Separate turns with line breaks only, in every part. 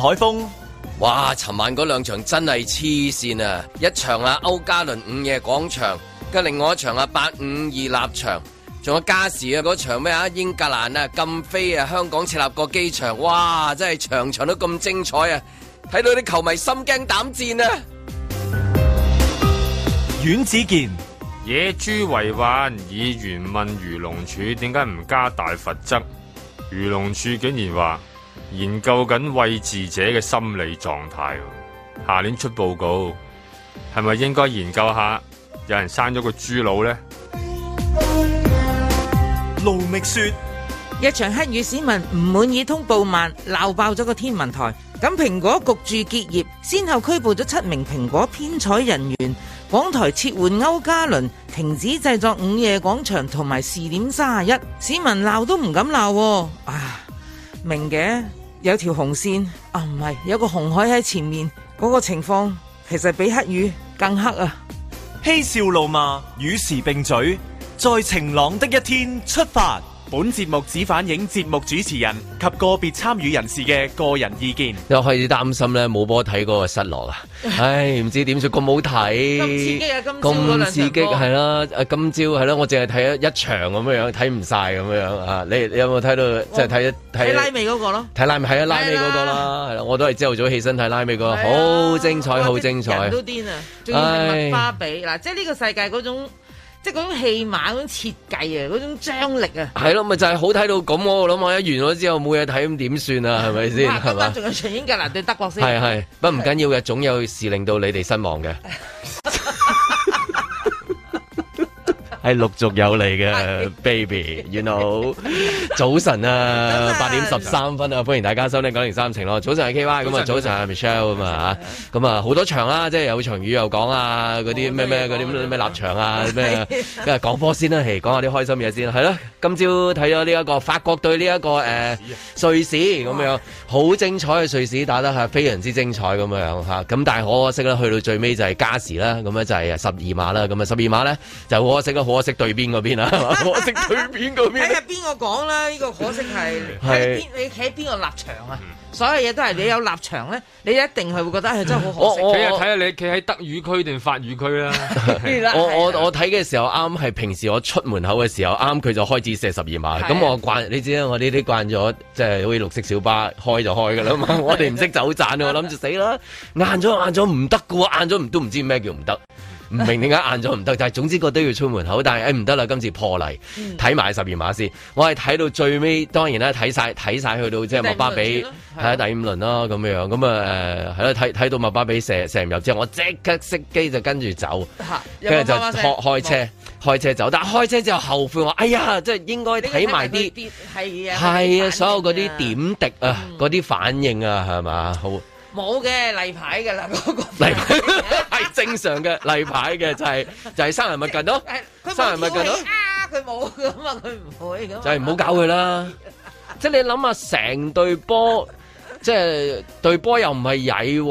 海峰，哇！尋晚嗰兩場真係黐線啊！一場啊歐加崙午夜廣場，跟另外一場啊八五二立場，仲有加時啊嗰場咩啊英格蘭啊禁飛啊香港設立個機場，哇！真係場場都咁精彩啊！睇到啲
球迷心驚膽戰啊！阮子健，野豬為患以員問魚龍處點解唔加大罰則？魚龍處竟然話。研究緊慰藉者嘅心理狀態，下年出報告係咪應該研究一下有人生咗個豬腦呢？
盧覓雪：「一場黑雨，市民唔滿意通報慢，鬧爆咗個天文台。咁蘋果焗住結業先後拘捕咗七名蘋果編採人員。港台撤換歐嘉倫，停止製作《午夜廣場》同埋《視點31》，市民鬧都唔敢鬧，哦。啊，明嘅。有條紅線啊，唔係有個紅海喺前面，嗰、那個情況其實比黑雨更黑啊！嬉笑怒罵，
與時並進，在晴朗的一天出發。本節目只反映節目主持人及個別參與人士嘅個人意見。又開始擔心咧，冇波睇嗰個失落啦。 唉，唔知點算，咁好睇， 刺激啊！咁刺激係啦，誒、啊，今朝係咯，我淨係睇咗一場咁樣樣，睇唔晒咁樣樣啊！你你有冇睇到？即係睇睇拉尾嗰個咯，睇拉尾，係啊，拉尾嗰個啦，係啦、啊啊啊，我都係朝頭早起身睇拉尾嗰、那個，好、啊、精彩，好、啊、精彩。
都癲啊！仲要花比嗱，即係呢個世界嗰種。即係嗰種戲碼，嗰種設計啊，嗰種張力啊，
係咯，咪就係好睇到咁。我諗，我一完咗之後冇嘢睇咁點算啊？係咪先？今日仲有
全英格蘭對德國先。係係
不，唔緊要嘅，總有事令到你哋失望嘅。係陸續有嚟嘅，baby，你好早晨啊，八、啊、點十三分啊，歡迎大家收聽九零三情咯。早晨係 K Y，咁啊，早晨係 Michelle 啊咁啊好多場啦、啊，即係有場雨又講啊，嗰啲咩咩嗰啲咩立場啊，咩，咁啊講波先啦、啊，誒，講下啲開心嘢先、啊，係啦、啊、今朝睇咗呢一個法國對呢、這、一個誒瑞、呃嗯、士咁樣，好精彩嘅瑞士打得係非常之精彩咁樣咁，但係可惜啦，去到最尾就係加時啦，咁咧就係十二碼啦，咁啊十二碼咧就好可惜啦。可惜對邊嗰邊啊！可
惜對邊嗰邊。睇下邊個講啦，呢個可惜係。係你企喺邊個立場啊？所有嘢都係你有立場咧，你一定係會覺得啊，真係好可惜。睇下睇下
你企喺德語區定法語區啦、啊。 我我我睇
嘅時候啱係平時我出門口嘅時候，啱佢就開始射十二碼。咁我慣，你知啦，我呢啲慣咗，即係好似綠色小巴開就開噶啦嘛，我不懂。我哋唔識走盞，我諗住死啦。硬咗硬咗唔得噶喎，硬咗唔都唔知咩叫唔得。唔 明點解硬咗唔得，但係總之個都要出門口。但係唔得啦，今次破例睇埋、嗯、十二碼先。我係睇到最尾，當然啦，睇晒睇晒去到即係麥巴比喺第五輪咯咁樣。咁啊係咯，睇、呃、睇到麥巴比射射唔入之後，我即刻熄機就跟住走，
跟住就學
開車開車、開車走。但開車之後後悔話：哎呀，即係應該睇埋啲
係啊，係啊，所有嗰啲點
滴啊，嗰、呃、啲、嗯、反應啊，係嘛好。
冇嘅例牌嘅嗱，嗰個例
牌係正常嘅例牌嘅，就係就係生人勿近咯，
生人勿近咯。啊，佢冇咁啊，佢唔會咁。就係
唔好搞佢啦，即係你諗下成對波，即係對波又唔係曳，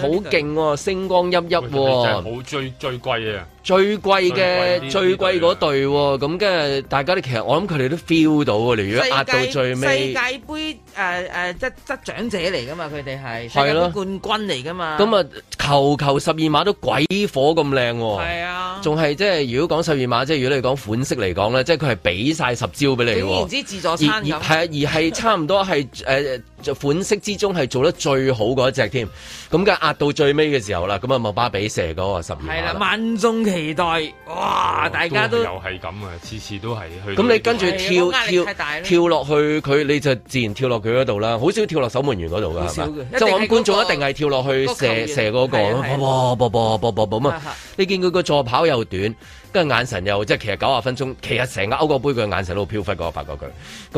好勁
喎，星光熠熠喎，就係好
最最貴嘅。
最貴嘅最貴嗰對喎，咁嘅、啊、大家咧，其實我諗佢哋都 feel 到喎。如果壓到最尾世界
杯誒誒得得獎者嚟噶嘛，佢哋係世界冠軍嚟噶嘛。咁啊
球球十二碼都鬼火咁靚喎，係啊，仲係、啊、即係如果講十二碼，即係如果你講款式嚟講咧，即係佢係俾晒十招俾你，然
之自助餐而而係而係
差唔多係誒、 呃、款式之中係做得最好嗰隻添。咁梗係壓到最尾嘅時候啦，咁啊莫巴比射嗰個十
二碼係啦，期待哇！大家都、哦、都係又
係咁啊，次次都係去，去。
咁你跟住跳跳跳
落去佢，你就自然跳落佢嗰度啦。好少跳落守門員嗰度噶，係咪？即係我諗觀眾一定係跳落去射射嗰個，波波波波波波咁啊！你見佢個助跑又短，跟住眼神又即係其實九十分鐘，其實成個歐國盃佢眼神都飄忽過，發覺佢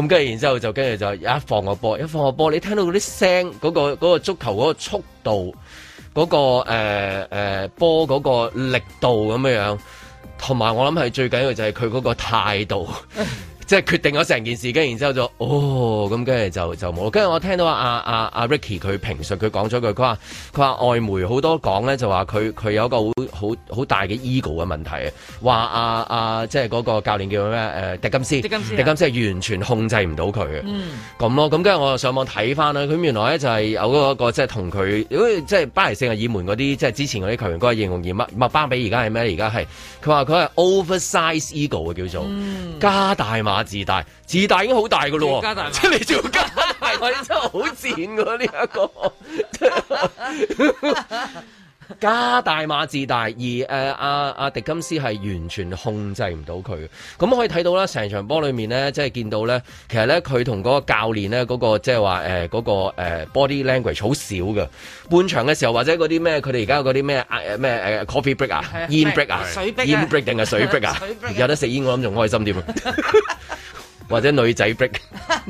咁跟住，然之後就跟住就一放個波，一放個波，你聽到嗰啲聲，嗰個個足球嗰個速度。嗰個誒誒波嗰個力度咁樣樣，同埋我諗係最緊要就係佢嗰個態度。 即係決定咗成件事嘅，然之後就哦咁，跟住就就冇。跟住我聽到阿阿阿 Ricky 佢評述，佢講咗句，佢話佢話外媒好多講咧，就話佢佢有一個好好好大嘅 ego 嘅問題啊。話阿阿即係嗰個教練叫咩？誒、啊、迪金斯，迪金斯、迪金斯、啊、迪金斯係完全控制唔到佢嘅，咁、嗯、咯。咁跟住我上網睇翻啦，佢原來咧就係有嗰、嗰個即係同佢，如果即係巴黎聖日耳門嗰啲即係之前嗰啲球員關於形容而乜麥巴比而家係咩？而家係佢話佢係 oversize ego 嘅叫做、嗯、加大碼。自大，自大已經好大噶咯，加大，即係你做加大，我真係好賤噶呢一個加大馬自大，而誒阿阿迪金斯係完全控制唔到佢。咁可以睇到啦，成場波裏面咧，即係見到咧，其實咧佢同嗰個教練咧、嗰個，嗰、即係呃嗰個即係話誒嗰個誒 body language 好少噶。半場嘅時候或者嗰啲咩，佢哋而家有嗰啲咩咩誒 coffee break 啊，煙 break 啊，煙 break 定係水 break 啊？有得食煙，我諗仲開心添。或者女仔 break，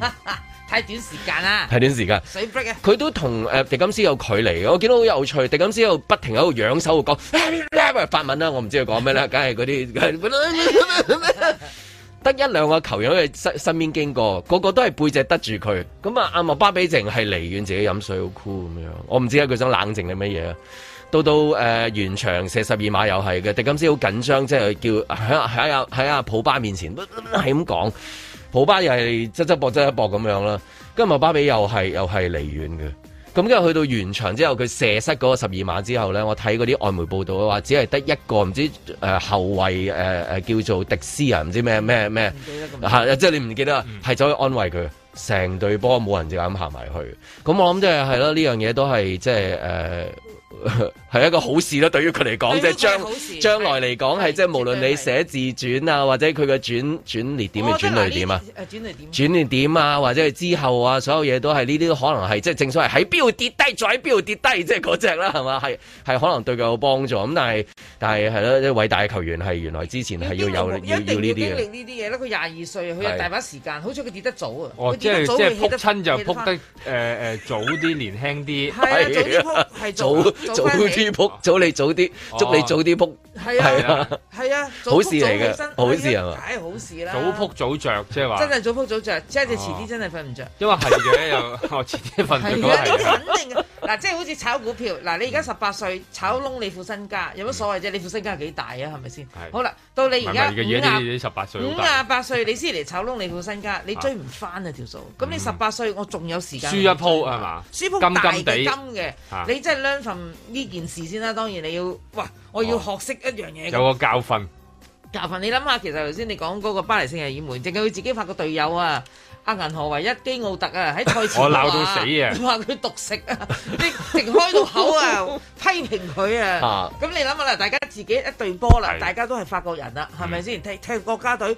太短時間啦、啊。 太短時間，水 break 啊！佢
都同誒迪金斯有距離嘅。我見到好有趣，迪金斯又不停喺度仰手，講法、哎呃、文啦、啊。我唔知佢講咩啦，梗係嗰啲得一兩個球友喺身身邊經過，個個都係背脊得住佢。咁啊，阿、啊、莫巴比靜係離遠自己飲水，好 cool 咁樣。我唔知佢想冷靜啲咩嘢啊？到到誒完、呃、場射十二碼又係嘅，迪金斯好緊張，即係叫喺喺阿普巴面前係咁講。普巴又係側側膊側一膊咁樣啦，跟埋巴比又係又係離遠嘅，咁跟住去到完場之後，佢射失嗰個十二碼之後咧，我睇嗰啲外媒報道嘅話，只係得一個唔知誒、呃、後衛誒、呃、叫做迪斯人唔知咩咩咩，即係你唔記得，係走去安慰佢，成隊波冇人就咁行埋去，咁、嗯、我諗即係係咯，呢樣嘢都係即係誒。係 一個好事咯，對於佢嚟講，即係將將來嚟講，係即係無論你寫自傳啊，或者佢嘅轉轉捩點嘅轉捩點啊，轉捩點，轉捩點啊，或者係之後啊，所有嘢都係呢啲，可能係即係正所謂喺邊度跌低，再喺邊度跌低，即係嗰隻啦，係嘛，係係可能對佢有幫助。咁但係但係係咯，即係偉大嘅球員係原來之前係要有要要呢啲嘅，經歷
呢啲嘢咯。佢廿二歲，佢有大把時間，好彩佢跌得早啊。哦，即係即係扑親就扑得
誒誒早啲年輕啲，係啊，係
早。 早啲
撲，早你早啲，祝你早啲撲。哦。
係啊，係啊，好事嚟嘅，好事係嘛？梗係好事啦。早扑
早着，即係
話真
係早扑早着，即係你遲啲真係瞓唔着，因為係嘅又，我遲啲瞓。係啊，呢啲肯定嘅。嗱，即係好似炒股票，嗱，你而家十八歲炒窿你副身家，有乜所謂啫？你副身家幾大啊？係咪先？好啦，到你而家五廿八歲，你先嚟炒窿你副身家，你追唔翻啊條數。咁你十八歲，我仲有時間。輸一鋪係嘛，
輸鋪大嘅金嘅，你
真係撚份呢件事先啦。當然你要，哇！我要學識一樣嘢，有個教訓。教訓你諗下，其實頭先你講嗰個巴黎聖日耳門，淨係佢自己發個隊友啊，阿銀河唯一基奧特啊，喺賽前話，我鬧到死啊，話佢獨食啊，你直開到口啊，批評佢啊。咁你諗下啦，大家自己一隊波啦，大家都係法國人啦，係咪先？踢踢國家隊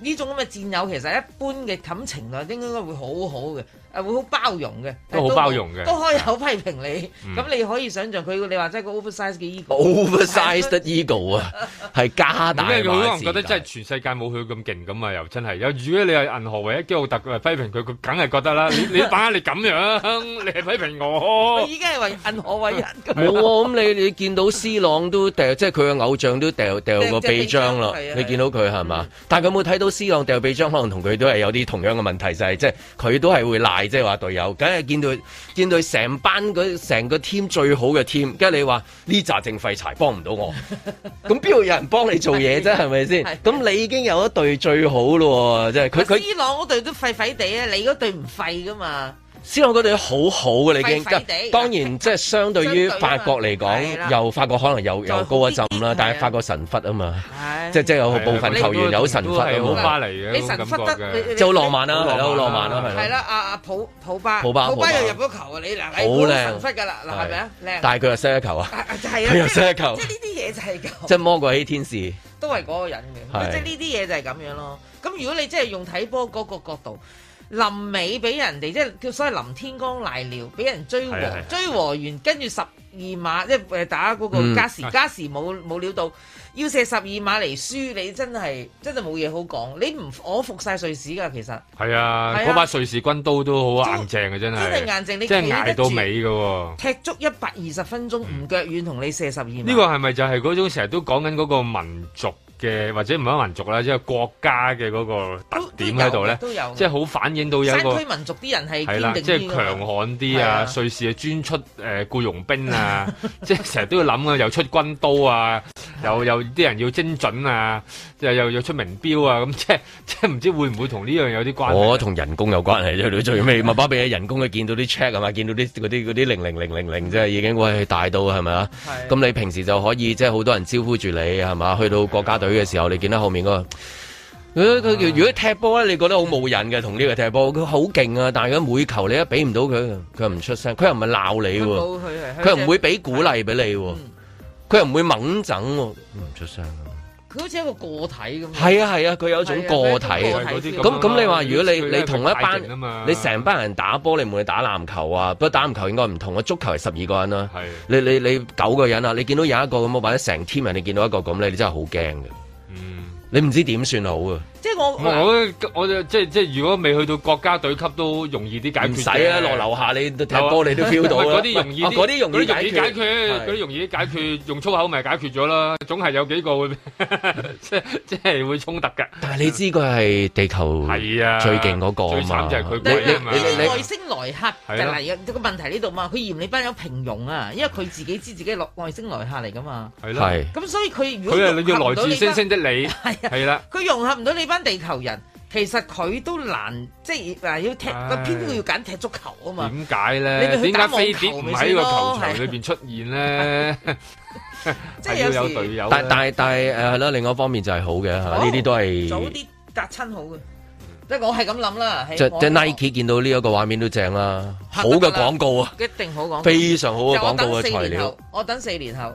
呢種咁嘅戰友，其實一般嘅感情啊，應該會好好嘅。誒會好包容嘅，都好包容嘅，都可以有批評你。咁、嗯、你可以想象佢，你話即係個 oversize 嘅 ego，oversized
ego 啊 ego，係 加大，大。因為佢可能覺得真係全世界冇佢咁勁咁啊！又真係。如果你係銀河唯一基奧特嘅話， 批評佢，佢梗係覺得啦。 你你把你咁樣嚟批評我，已
經係為銀河維人基冇
咁，你你見到斯朗都掉，即係佢嘅偶像都掉掉個臂章咯、啊啊。你見到佢係嘛？但係佢冇睇到斯朗掉臂章，可能同佢都係有啲同樣嘅問題，就係、是、即係佢都係會賴。即係話隊友，梗係見到見到成班成個 team 最好嘅 team。跟住你話呢扎正廢柴，幫唔到我，咁邊度有人幫你做嘢啫？係咪先？咁 你已經有一隊最好咯，即係佢佢伊
朗嗰隊都廢廢地啊，你嗰隊唔廢㗎嘛？
先我覺得你好好你已經。當然，即、啊、係相對於法國嚟講，啊、又法國可能又又高一浸啦。但係法國神忽啊嘛，哎、
即係即係有部分
球員有神忽嘅。好巴黎嘅感覺嘅，即係好浪漫啦、啊，係咯，好浪漫啦、啊。係啦，
阿阿普普巴，普巴，巴，巴又入咗球啊！你嗱，普巴神忽噶啦，嗱係咪啊？靚。但係佢又
射一球啊！佢又射一球。即係
呢啲嘢就係、是、咁。即係
魔鬼起天使。
都係嗰個人嘅。即係呢啲嘢就係、是、咁、就是、樣咯。咁如果你真係用睇波嗰個角度。臨尾俾人哋，即係叫所謂臨天光賴尿，俾人追和是是是是追和完，跟住十二碼，即係打嗰個加時加、嗯、時冇冇料到要射十二碼嚟輸，你真係真係冇嘢好講。你唔我服晒瑞士噶，其實
係啊，嗰、啊、把瑞士軍刀都好硬淨嘅，真係真係硬淨，你真係捱到尾嘅、哦，
踢足一百二十分鐘唔腳軟，同你射十二碼。呢、嗯
這個係咪就係嗰種成日都講緊嗰個民族？嘅或者唔係民族啦，即係國家嘅嗰個特點喺度咧，即係好反映到一個山區民
族啲人係堅定啲。係啦，即係強
悍啲啊！瑞士啊，專出誒僱傭兵啊，即係成日都要諗啊，又出軍刀啊，又又啲人要精準啊，又又要出名錶啊，咁即係即係唔知會唔會同呢樣有啲關係？我同人
工有關係，最尾麥巴比啊，人工佢見到啲 check 係嘛，見到啲嗰啲嗰啲零零零零零，即係已經喂去大到係咪啊？咁你平時就可以即係好多人招呼住你係嘛？去到國家隊。嘅時候，你見到後面嗰、那個佢、啊、如果踢波咧，你覺得好冇癮嘅，同呢個踢波佢好勁啊！但係如果每球你都俾唔到佢，佢又唔出聲，佢又唔係鬧你、啊，佢又唔、就是、會俾鼓勵俾你、啊，佢、嗯、又唔會猛整、啊，唔出聲。
佢
好似一個個體咁，係啊係啊，佢、啊、有一種個體咁。咁、啊啊、你話如果你你同一班，你
成班人打波，你唔論打籃球啊，不過打籃球應該唔同啊，足球係十二個人啦、啊，你你你九個人啊，你見到有一個咁或者成 team 人你見到一個咁你，你真係好驚嘅。嗯，你唔知點算好啊？
即係我，我，我，我即係即係，如果未去到國家隊級都容易啲解決。唔使啊，落樓下你踢波你都 feel 到嘅。嗰 啲容易啲，嗰啲、哦、容易解決，嗰啲容，容易解決，用粗口咪解決咗啦。總係有幾個會 即係即係會衝突嘅。但
係你知佢係地球最勁嗰個啊嘛。
最慘就係
佢，因為外星來客嚟啊！個問題呢度嘛，佢嫌你班友平庸啊，因為佢自己知自己係外外星來客嚟噶嘛。係咯。咁所以佢如果融合唔到你。佢係要來自星星
的你。係啊。係啦。
佢融合唔到你翻地球人，其實佢都難，即係話要踢，佢偏偏要揀踢足球啊嘛？點解咧？點解飛碟唔喺個球場
裏邊出現咧？即係有隊友。但但係但係誒係啦，另外一
方面就係好嘅，呢啲都係早啲
隔親好嘅。即係我係咁諗啦。即即 Nike
見到呢一個畫面都正啦，好嘅廣告
啊，一定好廣告，非常好嘅廣告嘅材料。我等四年後。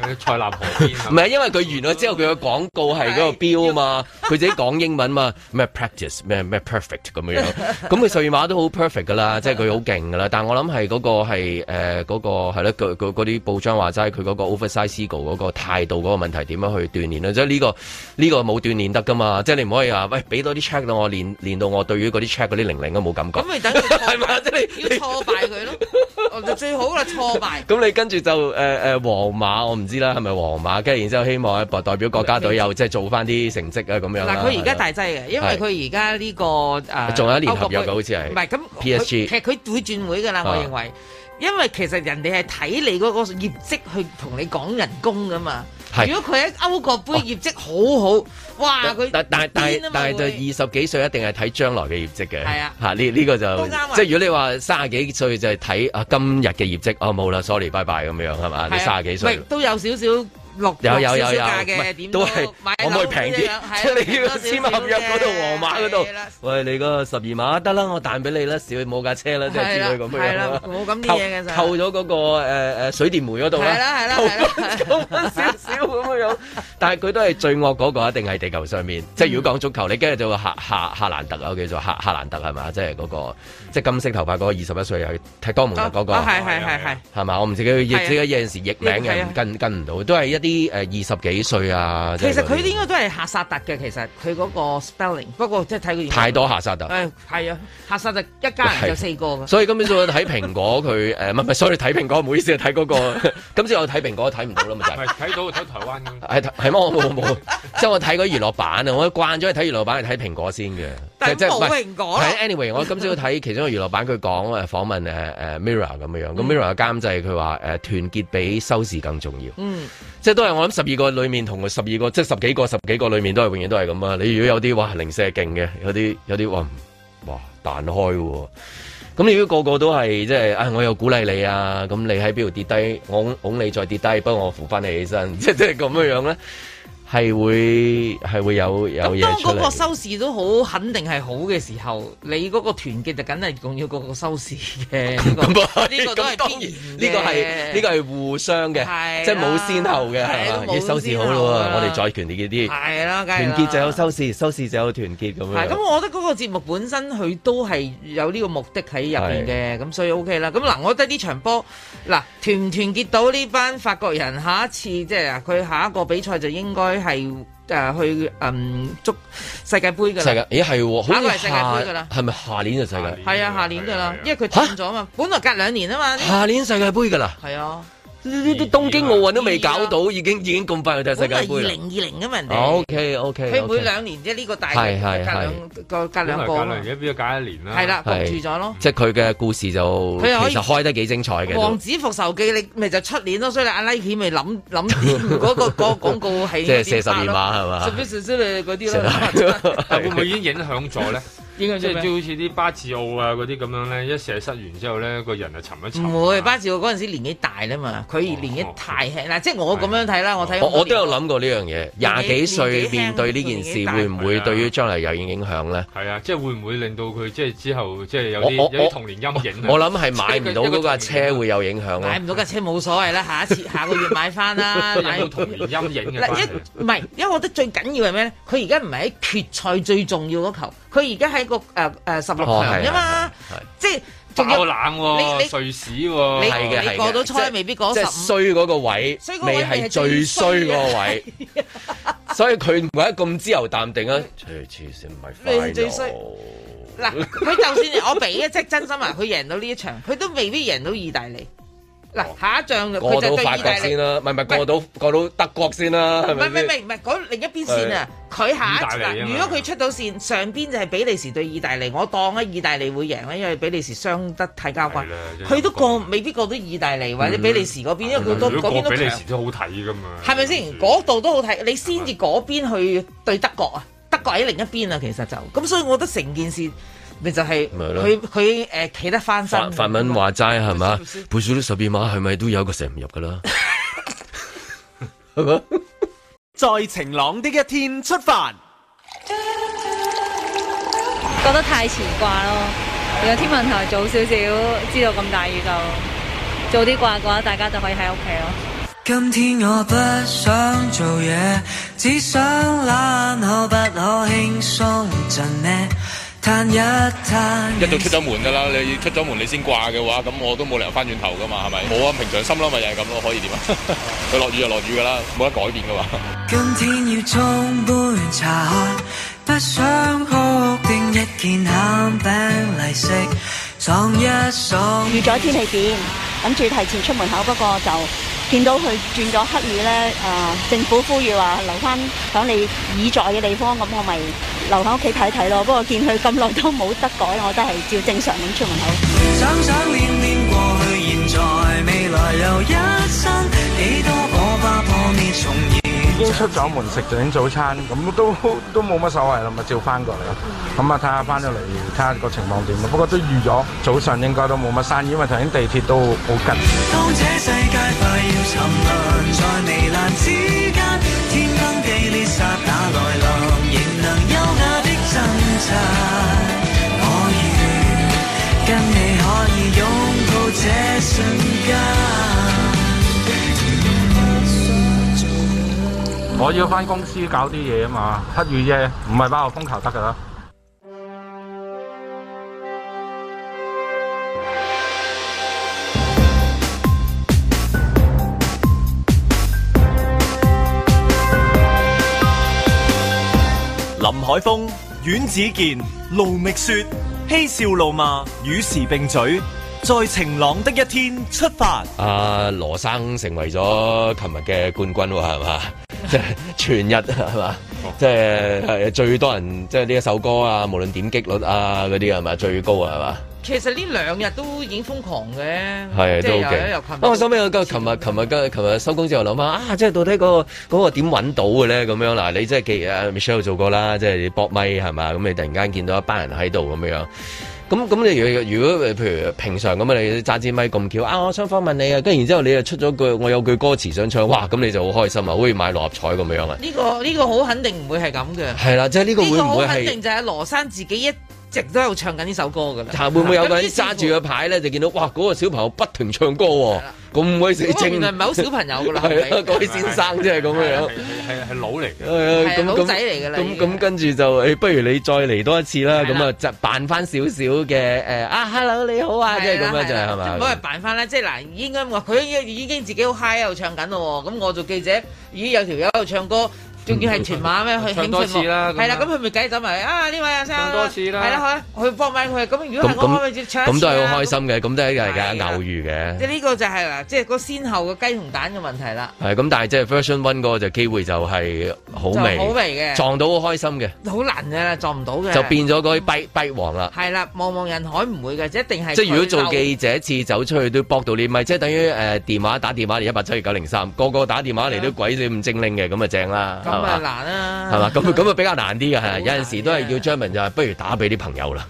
在南河邊，唔 係因為佢完咗之後，佢個廣告係嗰個標啊嘛，佢自己講英文嘛，咩 practice，咩咩 perfect 咁樣，咁佢十二碼都好 perfect 㗎啦， 即係佢好勁㗎啦。但係我諗係嗰個係誒嗰個係嗰啲報章話齋佢嗰個 oversize goal 嗰個態度嗰個問題，點樣去鍛鍊即係、呢個、呢個呢、呢個冇鍛鍊得㗎嘛，即係你唔可以話喂俾多啲 check 到我練練到我對於嗰啲 check 嗰啲零零都冇感覺。咁你
等佢碼你要挫敗佢咯， 哦、就最好啦挫敗。
咁你跟住就誒皇、呃呃、馬我唔。不知啦，係咪皇馬跟住然之後，希望代表國家隊又即係做翻啲成績啊咁樣嗱，佢而家大
劑嘅，因為佢而家呢個誒，仲有一年合約嘅，好似係。唔係咁，PSG，其實佢會轉會噶啦，我認為。因為其實人哋係睇你嗰個業績去同你講人工噶嘛，如果佢喺歐國杯業績好好，哦、哇佢但
但、啊、但係但係就二十幾歲一定係睇將來嘅業績嘅，係啊吓呢呢個就即係如果你話卅幾歲就係睇啊今日嘅業績，哦冇啦，sorry，拜拜咁樣係嘛、啊，你卅幾歲
都有少少。六有有有有，少少有有有都係，可唔可以平啲？即係、就是就是、你個簽合約嗰度，
皇馬嗰度，喂，你個十二碼得啦，我彈俾你啦，少冇架車啦，即係之類咁樣啦。扣咗嗰、那個、呃、水電煤嗰度啦，係啦係啦
係啦，少少咁樣、那個。
但係佢都係最惡嗰、那個，一定係地球上面。 即係如果講足球，你跟住做夏夏夏蘭特啊，叫做夏夏蘭特係嘛、就是那個？即係嗰個即係金色頭髮嗰、那個二十一歲，係踢多蒙特嗰個係係係係係嘛？我唔知，佢自己有陣時譯名跟跟唔到，都係一啲。啲誒二十幾歲啊，就係嗰個、其實佢啲應
該都係下殺特嘅，其實佢嗰個 spelling 不過即係睇佢。太多下殺特，誒、哎、係啊，下殺特一家人有四個 所
以今次我睇蘋果佢誒，唔係唔係 sorry 睇蘋果唔好意思啊，睇嗰、嗰個， 今次我睇蘋果睇唔到啦嘛，就
係睇到睇台灣
嘅，係係嘛，冇冇，即係我睇嗰娛樂版啊，我慣咗係睇娛樂版，係睇蘋果先嘅。但係即係冇 anyway 我今朝睇其中個娛樂版，佢講訪問 Mirror 咁樣咁 Mirror 嘅監製佢話團結比收視更重要。
嗯
，
即係都係我諗十二個裏面同十二個，即係十幾個十幾個裏面都係永遠都係咁啊！你如果有啲哇零舍勁嘅，有啲有啲哇哇彈開喎。咁你如果個個都係即係啊、哎，我又鼓勵你啊，咁你喺邊度跌低，我哄你再跌低，不如我扶翻你起身，即係即咁樣樣咧。係會係會有有嘢
出嚟。當嗰個收視都好肯定係好嘅時候，你嗰個團結就梗係重要過個收視嘅。呢、 呢個、 個都係當然，呢、呢個係呢、呢個係互相嘅，即係冇先後嘅。收視好了啦，啦我哋再團
結啲。係啦，梗係團結就有收視，收視就有團結咁樣。咁，那
我覺得嗰個節目本身佢都係有呢個目的喺入邊嘅，咁所以 OK 啦。咁嗱，我覺得呢場波嗱團唔團結到呢班法國人，下一次即係佢下一個比賽就應該、嗯。係誒、呃、去嗯捉世界杯噶啦，咦，係、哦，下個係世界杯噶啦，
係咪下年就世界
杯？係啊，下年噶啦、啊啊啊，因為佢斷咗嘛、啊，本來隔兩年啊嘛，下
年世界杯噶啦，
係啊。呢啲東京奧
運都未搞到，已經已經咁快去睇世界盃。嗰個係二零
二零啊，人哋。O K
O K。佢每兩
年即係呢個大賽隔兩個隔兩個。隔兩
年，邊度隔一年啦。係啦，焗住咗咯。即係佢嘅故事就其實開得幾精彩嘅。《王子
復仇記》你咪就出年咯，所以阿 Nike 咪諗諗嗰個嗰個廣告係。即係四十年嘛係嘛？Success success 你嗰啲咯。
會唔會已經影響咗咧？應該即係即係好似啲巴治奧啊嗰啲咁樣咧，一射
失完之後咧，個人就沉一沉、啊。唔會，巴治奧嗰陣時年紀大啦嘛，佢年紀太輕。嗱、哦，即係我咁樣睇啦，我睇。我都
有諗過呢樣嘢，廿幾歲面對呢件事，會唔會對於將嚟有影響咧？
係啊，即係會唔會令到佢即係之後即係有啲童年陰影？我諗係買唔到
嗰架車會有影響、啊。影
買唔到架車冇所謂啦，下一次下個月買翻啦。買到 童年陰影嘅。嗱，因為我覺得最緊要係咩咧？佢而家唔係喺決賽最重要嗰球。佢、呃呃、而家喺個誒誒十六強啫嘛，即係
仲要冷、啊、你，你瑞士喎、啊，你你過到賽未必過15，就是，即係衰嗰個位，你係最衰嗰個位，個位啊、 所以佢唔係咁自由淡定啊！唔黐線咪快到，
嗱，佢就算我俾一隻真心話，佢贏到呢一場，佢 都未必贏到意大利。嗱，下一仗嘅佢就對意大利先啦，
唔咪唔過到過到德國先啦，唔係唔係
唔係嗰另一邊線啊！佢下一仗，如果佢出到線，上邊就係比利時對意大利，我當啊意大利會贏咧，因為比利時傷得太交關，佢都過未必過到意大利或者比利時嗰邊、嗯，因為佢都嗰邊都比利時
都好睇噶嘛，係咪
先？嗰度都好睇，你先至嗰邊去對德國啊？德國喺另一邊啊，其實就咁，所以我覺得成件事。咪就係佢佢誒企得翻身。法，法文
話齋係嘛，背書都十二馬係咪都有個成唔入噶啦
再晴朗啲的一天出發，覺得太遲掛咯。如果天文台早少
少知道咁大雨就早啲掛嘅話，大家就可以喺屋企咯。
今天我不想做嘢，只想懶，可不可輕鬆盡呢？探一探，
一到出咗門噶啦，你出咗門你先掛嘅話，咁我都冇理由翻轉頭噶嘛，係咪？冇啊，平常心啦，咪又係咁咯，可以點啊？佢 落雨就落雨噶啦，冇得改變噶嘛。
今天要沖杯茶，
不想固定一件餡餅嚟食，爽
一爽。預咗天氣變，等住提前出門口，不過就。見到佢轉咗黑雨咧，啊！政府呼籲話留翻響你已在嘅地方，咁我咪留喺屋企睇睇咯。不過見佢咁耐都冇得改，我都係照正常咁出門口。想想念念過去現在未來，又一生幾多火花破滅
重燃。已經出咗門食，就早餐，咁都都冇乜所謂啦，咪照翻過嚟咯。咁、嗯、啊，睇下翻咗嚟，睇下個情況點啊。不過都預咗，早上應該都冇乜生意，因為頭先地鐵都好近。
當
這世界快要
沉
我要翻公司搞啲嘢啊嘛，黑雨啫，唔係包我風球得噶啦。林
海峰、阮子健、盧覓雪、嬉笑怒罵、與時並嘴、
在晴朗的一天出發。
啊、呃、羅生成為咗琴日嘅冠軍，係嘛？即 係全日係嘛？是吧 即係係最多人，即係呢一首歌啊，無論點擊率啊嗰啲，係咪最高啊係嘛？
其實呢兩日都已經瘋狂嘅，係都好勁。我收
尾啊，今日琴日，琴日收工之後諗下啊，即係到底嗰個嗰個點搵到嘅咧？咁樣嗱，你即係記得 Michelle 做過啦，即係搏咪，係嘛，咁你突然間見到一班人喺度咁樣。咁咁你如果，如果譬如平常咁啊，你揸支咪咁巧啊，我想訪問你啊，跟住然之後你又出咗句我有句歌詞想唱，哇！咁你就好開心啊，好似買六合彩咁樣啊！呢
個呢個好肯定唔會係咁嘅。係啦，即係呢個呢個好肯定就係羅生自己一一直都喺度唱緊呢首歌㗎啦，嚇會唔會有個人
揸住個牌咧？就見到哇，嗰、那個小朋友不停唱歌喎，咁鬼成日唔係好小朋友㗎啦，係 啊，先生即係咁樣，係係佬嚟嘅，係仔嚟㗎啦。咁咁跟住就誒、欸，不如你再嚟多一次啦。咁啊，就扮翻少少嘅誒
啊，hello 你好
啊，即係咁樣就係、是、嘛。咁啊扮翻啦，即係嗱，應該我佢已經自己好 high 喺度唱緊咯。咁我做記者，咦有條友喺度唱歌。仲要係全馬咩？去慶祝，係啦，咁佢咪計走埋啊呢位阿生，係啦，去去搏命佢。咁如果係我，咪就唱一次啦。咁都係好開
心嘅，咁都係嘅偶遇嘅。即
係呢個就係啦，即係個先後嘅雞同蛋嘅問題啦。
係咁，但係即係 version one 嗰個就機會就係好微，好微嘅撞到好開心嘅，
好難嘅撞唔到嘅，就變
咗嗰啲跛跛王啦。
係啦，茫茫人海唔會嘅，一定係。即係如果
做記者，次走出去都駁到你，咪即係等於誒電話打電話嚟一八七二九零三，個個打電話嚟都鬼咁精靈嘅，咁咪正啦。
咁啊是難啊是，係
嘛？咁咁啊比較難啲嘅， 有陣
時都係要張文，就係不如打俾啲朋友啦，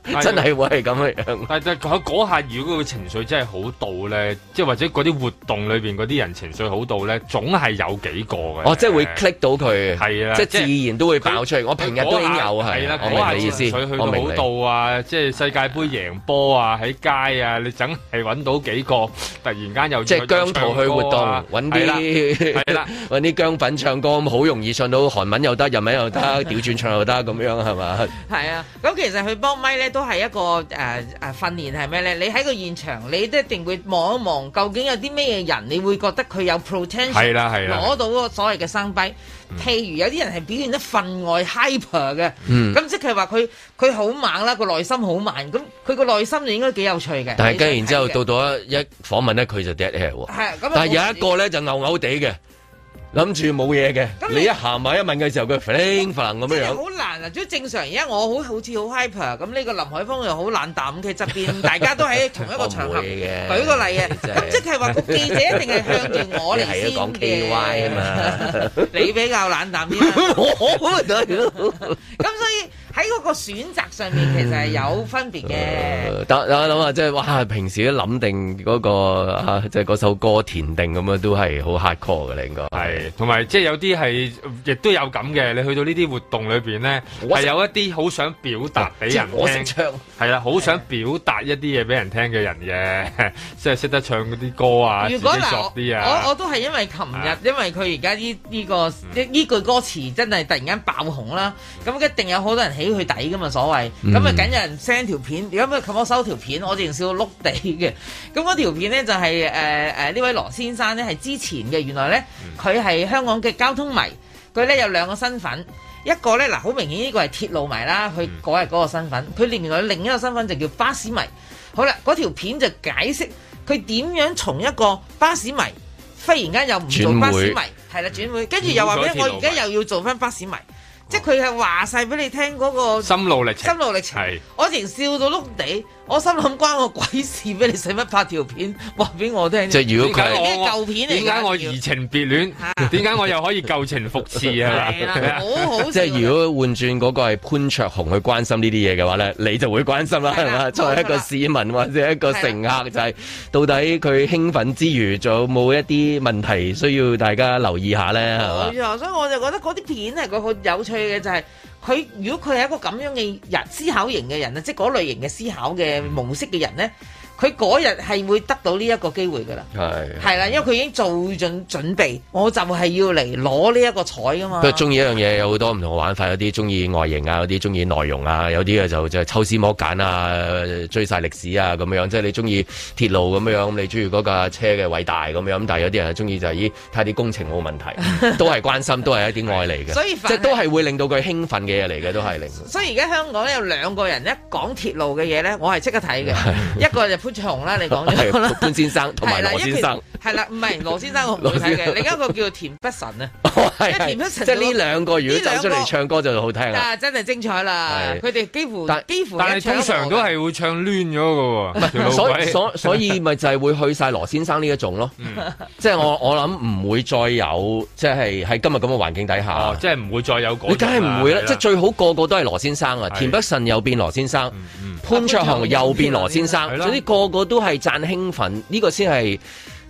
真係會係咁樣。但係佢下如果個情緒真係好到咧，即係或者嗰啲活動裏邊嗰啲人情緒好到咧，總係有幾個嘅。哦，即係會 click 到佢，係啊，即係自然都會爆出嚟。我平日下都有係，我係意思。我明。情緒去到好到啊！即係世界杯贏波啊！喺街啊，你整係搵到幾個？突然間又即係、啊、姜濤去活
動，搵啲，係啦，啲。 啲姜粉唱歌咁好容易，唱到韓文又得，日文又得，調轉唱又得咁樣，係嘛？係
啊，咁其實佢幫咪咧都係一個誒誒訓練係咩咧？你喺個現場，你都一定會望一望，究竟有啲咩人你會覺得佢有 potential？係啦、啊、係啦，攞、啊、到個所謂嘅生坯，嗯。譬如有啲人係表現得分外 hyper 嘅，咁、嗯、即係話佢佢好猛啦，個內心好猛。咁佢個內心就應該幾有趣嘅。但係跟然之後到到
一訪問咧，佢就 dead air 喎。係、啊，但係有一個咧就牛牛地嘅。諗住冇嘢嘅，你一行埋一問嘅時候，佢飛翻咁樣樣，好
難啊！即係正常，而家我好好似好 hyper，咁呢個林海峰又好冷淡，嘅側邊大家都喺同一個場合嘅，舉個例啊，咁即係話個記者一定係向住我嚟先嘅，講 K Y 啊嘛，你比較冷淡啲，我我唔對，咁所以。喺嗰個選擇上面其實係有分別嘅。
得諗啊，即、嗯、係哇！平時都諗定嗰個嚇，即係嗰首歌填定咁樣都係好 hard core 嘅，應該係
同埋即係有啲係亦都有咁嘅。你去到呢啲活動裏邊咧，係有一啲好想表達俾人聽我、就是、我識唱，係啦、啊，好想表達一啲嘢俾人聽嘅人嘅，即係識得唱嗰啲歌啊，如果作啲啊。我我都
係因為琴日、啊，因為佢而家呢呢個呢、嗯、句歌詞真係突然間爆紅啦，咁一定有好多人去抵噶嘛？所謂咁啊，梗、嗯、有人 send 條片，如果佢琴我收條片，我仲笑到碌地嘅。咁嗰條片咧就係誒誒呢位羅先生咧，係之前嘅。原來咧，佢、嗯、係香港嘅交通迷，佢咧有兩個身份，一個咧嗱，好、啊、明顯呢個係鐵路迷啦，佢嗰日嗰個身份。佢原來另一個身份就叫巴士迷。好啦，嗰條片就解釋佢點樣從一個巴士迷，忽然間又唔做巴士迷，係啦轉會，跟住又話俾我而家又要做翻巴士迷。即佢係話晒俾你聽嗰個心路歷程，心路歷程。我以前笑到碌地，我心諗關我鬼事，俾你使乜拍條片話俾我聽，即係如果佢我點解我，我
移情別戀點解我又可以舊情復熾啊？ 啊好好。
即係如果換轉嗰個係潘卓雄去關心呢啲嘢嘅話咧，你就會關心啦，係嘛、啊？ 作為一個市民或者一個乘客，就係到底佢興奮之餘仲有冇一啲問題需要大家留意下咧？係嘛、啊啊啊啊？
所以我就覺得嗰啲片係佢好有趣。嘅就係佢，如果佢係一個咁樣嘅人，思考型嘅人啊，即係嗰類型嘅思考嘅模式嘅人咧。佢嗰日係會得到呢一個機會㗎啦，係啦，因為佢已經做盡準備，我就係要嚟攞呢一個彩㗎嘛。佢
中意一樣嘢，有好多唔同嘅玩法，有啲中意外形啊，有啲中意內容啊，有啲就就就抽絲剝繭啊，追晒歷史啊咁樣，即係你中意鐵路咁樣，你中意嗰架車嘅偉大咁樣，但係有啲人係中意就係咦睇下啲工程冇問題，都係關心，都係一啲愛嚟嘅， 即係都係會令到佢興奮嘅嘢嚟嘅，都係。
所以而家香港呢有兩個人一講鐵路嘅嘢呢，我係即刻睇嘅，一個就是。潘卓雄啦，你講啦，
潘先生同埋羅先生，
係啦、啊，唔係、啊、羅先生我唔會睇嘅。你另一個叫做田北辰 啊，田就是、即
田呢兩個如果走出嚟唱歌就好聽啦、啊
啊，真係精彩啦！佢哋、啊、幾乎但係幾乎，但係通常
都係會唱攣咗嘅喎，所所 所以咪就係會去晒羅先生呢一種咯，即 係我我諗唔會再有，即係喺今日咁嘅環境底下，哦、即係唔會再有個。你梗係唔會啦，即係、啊就是、最好個個都係羅先生啊！啊田北辰又變羅先生，潘、啊嗯嗯、卓雄又變羅先生、嗯，嗯個個都係讚興奮，呢、這個先係。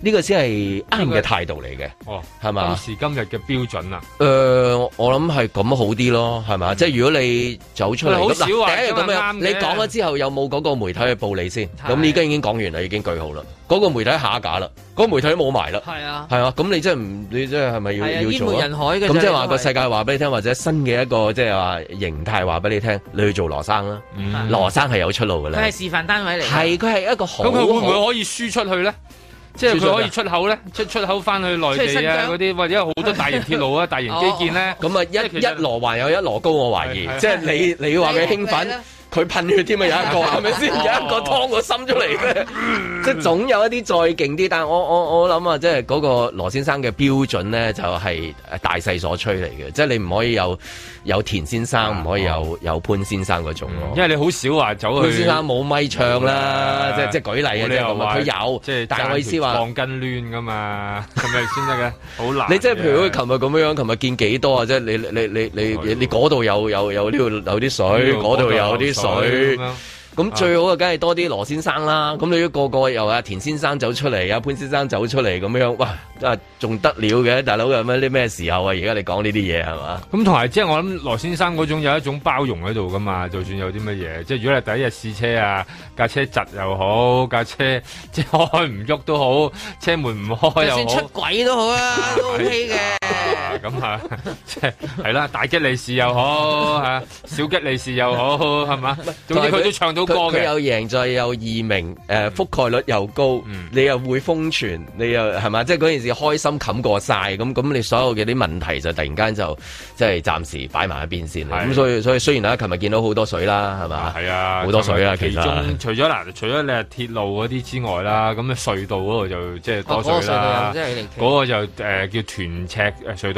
呢、這個先係啱嘅態度嚟嘅，哦，係嘛？今時今日嘅標準啊？誒、呃，我諗係咁好啲咯，係嘛、嗯？即係如果你走出來，好少話咁樣。你講咗之後，有冇嗰個媒體去報你先？咁呢？而家已經講完啦，已經句號啦。嗰、那個媒體下架啦，嗰、那個媒體都冇埋啦。係、那、啊、個，係啊。咁你即係唔？你即係係咪要是要做、啊？咁即係話個世界話俾你聽，或者新嘅一個即係話形態話俾你聽，你去做羅生啦。羅、嗯、生係有出路嘅啦。佢係
示範單位嚟。係，佢係一個好。咁佢會唔會可
以輸出去咧？
即係佢可以出口咧，出出
口翻去內地啊嗰啲，或者好多大型鐵路啊、 大型基建咧、啊、咁、哦、啊、哦哦、一一籮還有一籮高，我懷疑。
是是即係你是你話佢興奮。
佢噴血添啊，
有一個係咪先？有一
個劏個、哦、心出嚟嘅，哦、
即係總有一啲再勁啲。但係我我我諗啊，即係嗰個羅先生嘅標準咧，就係、是、大勢所趨嚟嘅。即係你唔可以有有田先生，唔、哦、可以有有潘先生嗰種咯。因為你好少話走去潘先生冇咪唱啦，即係即係舉例啊！即係佢有，即係但係我意思話放
跟亂㗎嘛，係咪先得嘅。好難。你即係譬如佢
琴日咁樣樣，琴 日見幾多啊？即係你你你你你嗰度有有有呢度有啲水，嗰度有啲。 水咁最好啊，梗係多啲羅先生啦。咁、啊、你個個又阿田先生走出嚟，阿潘先生走出嚟，咁樣哇啊仲得了嘅大佬，有咩啲咩時候啊？而家你講呢啲嘢係嘛？
咁同埋即係我諗羅先生嗰種有一種包容喺度噶嘛，就算有啲乜嘢，即係如果你第一日試車啊，架車窒又好，架車即係開唔喐都好，車門唔開又好，就算出
軌都好啊。 都 OK 嘅的。
咁啊，即係係啦，大吉利是又好吓，大吉利是又好，係 嘛？總之佢都唱到歌嘅。有贏在
有二名，誒、呃，覆蓋率又高，嗯、你又會瘋傳，你又係嘛？ 即係嗰件事開心冚過晒，咁咁你所有嘅啲問題就突然間就即係暫時擺埋一邊先咁、啊、所以所以雖然大家琴日見到好多水啦，係嘛？係啊，好多水啊，其實其中。其中
除咗嗱，除咗你係鐵路嗰啲之外啦，咁啊隧道嗰度就即係多水啦。嗰、啊那個那個就誒、呃、叫屯赤、呃、隧道。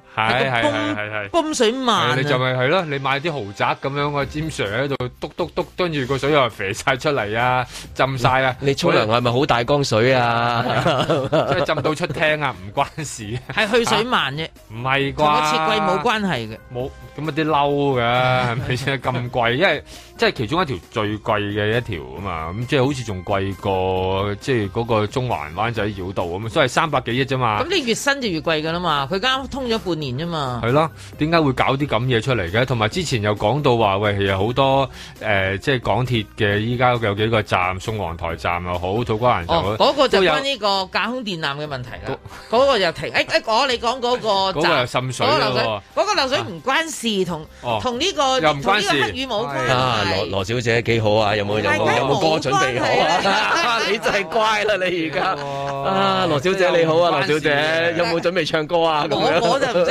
係係係係係，泵水慢。你就
咪係咯，你買啲豪宅咁樣個尖上喺度，篤篤篤跟住個水又肥晒出嚟啊，浸晒啊！你沖涼係
咪好大缸水啊？即係浸到
出廳啊？唔關事。係去水慢啫，唔係啩？個設計冇關係嘅。冇，咁啊啲嬲噶，係咪先？咁貴，因為即係其中一條最貴嘅一條啊嘛，咁即係好似仲貴過即係嗰個中環灣仔繞道咁啊，所以三百幾億啫嘛。咁你
越新就越貴噶啦嘛，佢啱通咗半年啫嘛，係
咯？點解會搞啲咁嘢出嚟嘅？同埋之前又講到話，喂，其實好多誒，即係港鐵嘅，依家有幾個站，宋皇台站又好，土瓜灣又好，嗰個就關呢
個架空電纜嘅問題啦。嗰個又停，一一我你講嗰個，嗰個有滲水，嗰個流水，嗰個流水唔關事，同同呢個同呢個黑雨冇關。啊，羅
羅小姐幾好啊？有冇有冇有冇歌準備好？
你真係乖啦！你而家啊，羅小姐你好啊，羅小姐有
冇準備唱歌啊？咁我就。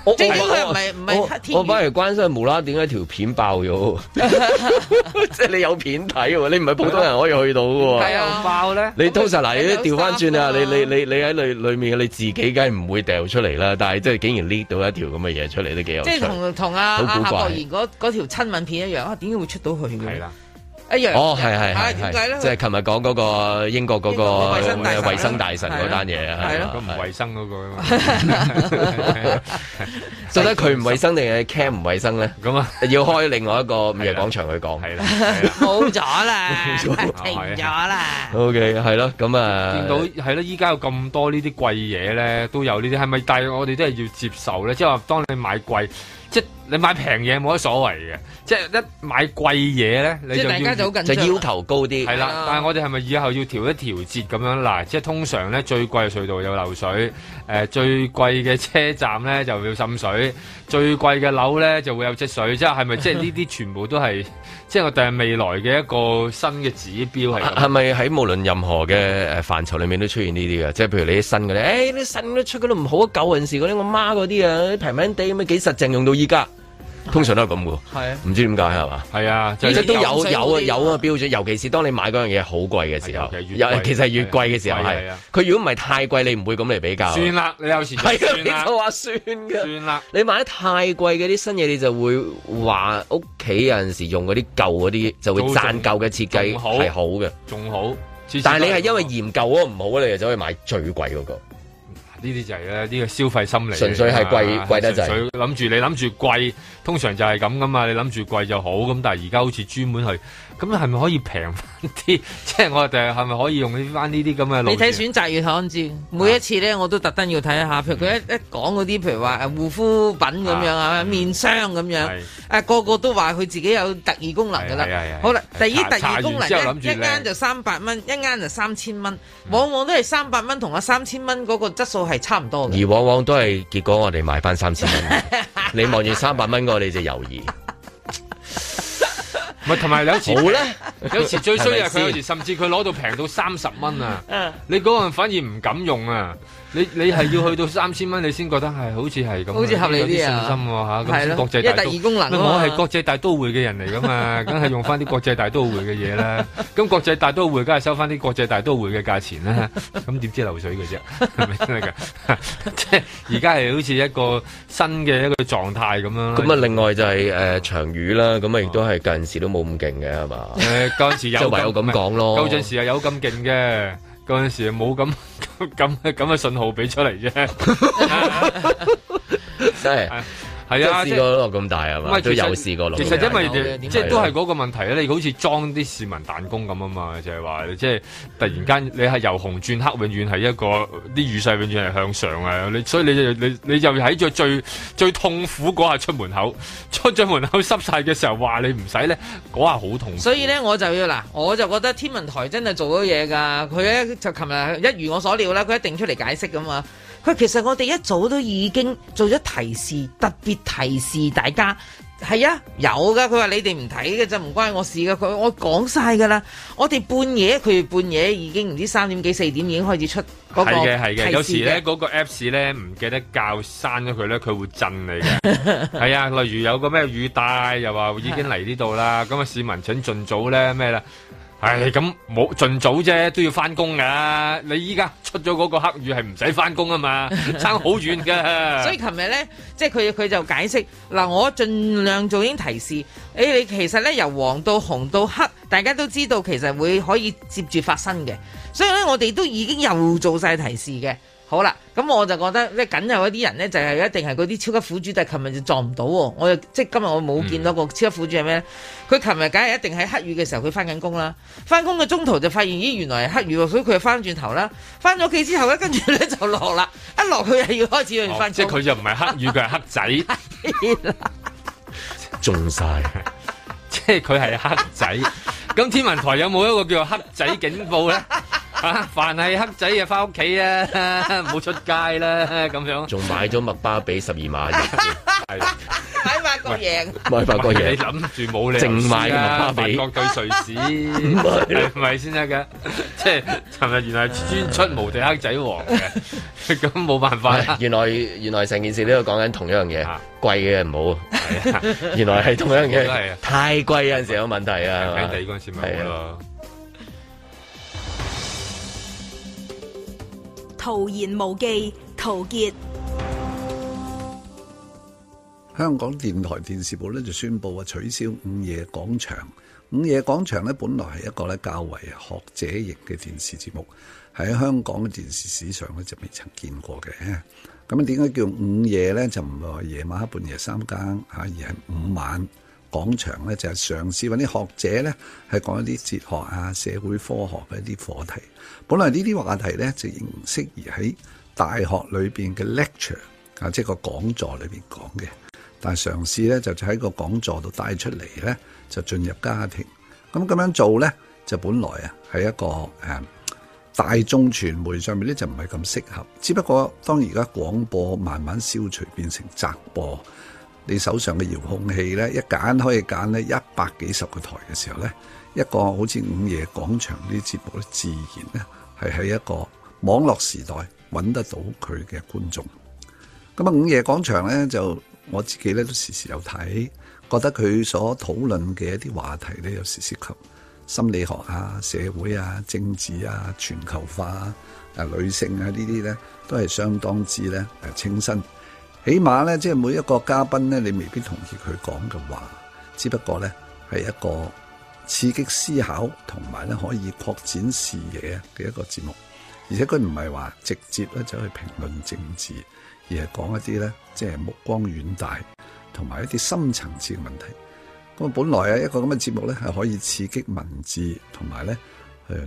我係因為唔係
唔係，我反而關心無啦，點解條片爆咗？即 係 你有片睇喎，你唔係普通人可以去到喎。爆 咧、啊？你通常嗱，你調翻轉啊！你 你你你喺裏裏面，你自己梗係唔會掉出嚟啦。 但係即係竟然匿到一條咁嘅嘢出嚟，都幾有趣。即係同
同阿古夏國賢嗰條親吻片一樣啊！點解會出到去嘅？一樣哦，
係係係，點解咧？即係琴日講嗰個英國嗰個衛生大臣嗰單嘢啊，係咯，佢唔衞
生嗰個啊嘛，
到底佢唔衞生定係 cam 唔衞生咧？咁啊，要開
另外一個午夜廣場去講，係
啦，
冇咗啦，停咗啦。
OK，係咯，咁啊，見到係咯，依家有咁多呢啲貴嘢咧，都有呢啲，係咪？但係我哋都係要接受咧，即係話當你買貴一。你買平嘢冇乜所謂嘅，即係一買貴嘢咧，你係大家就好緊張，就要求高啲，係啦。啊、但係我哋係咪以後要調一調節咁樣嗱？即係通常咧，最貴嘅隧道有漏水，最貴嘅車站咧就會滲水，最貴嘅樓咧就會有積水。即係係咪即係呢啲全部都係， 即係我哋係未來嘅一個新嘅指標係？係咪喺
無論任何嘅誒範疇裡面都出現呢啲嘅？即係譬如你啲新嗰啲，誒、哎、啲新的出的都出嗰唔好啊，舊陣時嗰啲我媽嗰啲啊，平平地咁樣幾實淨用到依家。通常都係咁嘅，唔、啊、知點解係嘛？係啊、就是，其實都有有啊有個標準啊，尤其是當你買嗰樣嘢好貴嘅時候，有、啊、其，其實越貴嘅時候係，佢、啊啊啊、如果唔係太貴，你唔會咁嚟比較。算啦，你有時，係啊，你就話
算嘅。算啦，
你買得太貴嘅啲新嘢，你就會話屋企有陣時候用嗰啲舊嗰啲，就會贊舊嘅設計係好嘅，仲好，好。但係你係因為嫌舊嗰個唔好，你就走去買最貴嗰，那個。
呢啲就係咧，呢個消費心理，純粹係貴貴得滯，諗住你諗住貴，通常就係咁噶嘛，你諗住貴就好，咁但係而家好似專門去。咁係咪可以平返啲？即 係我哋係咪可以用翻呢啲咁嘅？你睇
選擇越睇越唔知，每一次咧我都特登要睇一下。譬如佢一、嗯、一講嗰啲，譬如話護膚品咁樣啊，面霜咁樣，誒、嗯啊、個個都話佢自己有特異功能㗎啦。好啦，第一特異功能一間就三百蚊，一間就三千蚊，往往都係三百蚊同啊三千蚊嗰個質素係差唔多，而
往往都係結果我， 我哋買翻三千蚊，你望住三百蚊嗰，你就猶豫。
唔係，同埋有，有，有，有時咧，有時最衰係佢有時甚至佢攞到平到三十蚊啊！ 你嗰個人反而唔敢用啊！你你係要去到三千蚊，你先覺得係好似係咁，好似合理咁，有啲信心喎嚇。係咯，一第二功能咯。我係國際大都會嘅人嚟噶嘛，梗係用翻啲國際大都會嘅嘢啦。咁國際大都會梗係收翻啲國際大都會嘅價錢啦。咁點知流水嘅啫，係咪真係㗎？即係而家係好似一個新嘅一個狀態咁樣。咁啊，
另外就係誒長雨啦。咁啊，亦都係近時都冇咁勁嘅係嘛。誒，近時陣時有，就唯有咁講咯。有陣時
係，有咁勁嘅。嗰陣時冇咁咁咁嘅信號俾出嚟啫，犀利。係啊，試過咯，咁大啊嘛，都有試過咯。其實因為即係都係嗰個問題咧，你好似裝啲市民彈弓咁啊嘛，就係話即係突然間你係由紅轉黑，永遠係一個啲雨勢永遠係向上啊！你所以你就你你就喺最最最痛苦嗰下出門口，出咗門口濕晒嘅時候話你唔使咧，嗰下好痛苦。所
以咧我就要嗱，我就覺得天文台真係做咗嘢㗎，佢咧就琴日一如我所料啦，佢一定出嚟解釋㗎嘛。佢其實我哋一早都已經做咗提示，特別提示大家係啊，有噶。佢話你哋唔睇嘅就唔關我事㗎。佢我講晒噶啦，我哋半夜佢半夜已經唔知三點幾四點已經開始出嗰個提示嘅。有時咧
嗰個 Apps 咧唔記得教刪咗佢咧，佢會震你嘅。係 啊，例如有個咩雨帶又話已經嚟呢度啦，咁啊市民請盡早咧咩啦。唉，咁冇盡早啫，都要翻工㗎。你依家出咗嗰個黑雨係唔使翻工啊嘛，差好遠
㗎。 所以琴日呢，即係佢佢就解釋嗱，我盡量做已經提示。你。」誒，你其實呢，由黃到紅到黑，大家都知道其實會可以接住發生嘅，所以呢，我哋都已經又做晒提示嘅。好啦，咁我就覺得咧，梗有嗰啲人咧，就係、是、一定係嗰啲超級苦主，但係琴日就撞唔到喎、啊。我又即係今日我冇見到個超級苦主係咩咧？佢琴日梗係一定喺黑雨嘅時候，佢翻緊工啦。翻工嘅中途就發現，咦，原來係黑雨喎，所以佢又翻轉頭啦。翻咗屋企之後咧，跟住咧就落啦。一落佢又要開始翻、哦。即係佢就唔係黑雨，佢 係黑仔。
中晒了， 即係佢係黑仔。咁 天文台有冇一個叫做黑仔警報咧？啊！凡係黑仔啊，翻屋企啊，唔好出街啦，咁樣。仲買
咗麥巴比十二碼嘅，買法國
贏，買法國贏。你諗
住冇咧，淨買麥巴比。法國對
瑞士，係咪先得㗎？即係尋日原來專出無敵黑仔王嘅，咁冇辦法。原來
原來成件事都喺度講緊同一樣嘢，貴嘅唔好。原來係同一樣嘢，太貴有陣時有問題啊。睇第二個時咪好咯。
陶言無忌，陶傑。
香港電台電視部咧就宣布啊取消午夜廣場。午夜廣場咧本來係一個咧較為學者型嘅電視節目，喺香港嘅電視史上咧就未曾見過嘅。咁點解叫午夜咧？就唔係話夜晚黑半夜三更嚇，而係午晚。廣場咧就係嘗試揾啲學者咧係講一啲哲學啊、社會科學嘅一啲課題。本來呢啲話題咧就只適宜喺大學裏邊嘅 lecture 啊，即係個講座裏邊講嘅。但係嘗試咧就喺個講座度帶出嚟咧，就進入家庭。咁咁樣做咧就本來啊係一個誒大眾傳媒上面咧就唔係咁適合。只不過當而家廣播慢慢消除變成窄播。你手上嘅遙控器咧，一揀可以揀咧一百幾十個台嘅時候咧，一個好似午夜廣場呢啲節目咧，自然咧係喺一個網絡時代揾得到佢嘅觀眾。咁啊，午夜廣場咧就我自己咧都時時有睇，覺得佢所討論嘅一啲話題咧，有時涉及心理學啊、社會啊、政治啊、全球化啊、啊女性啊呢啲咧，都係相當之咧誒清新。起碼咧，即係每一個嘉賓咧，你未必同意佢講嘅話，只不過咧係一個刺激思考同埋咧可以擴展視野嘅一個節目。而且佢唔係話直接咧走去評論政治，而係講一啲咧即係目光遠大同埋一啲深層次嘅問題。咁啊，本來啊一個咁嘅節目咧係可以刺激文字同埋咧誒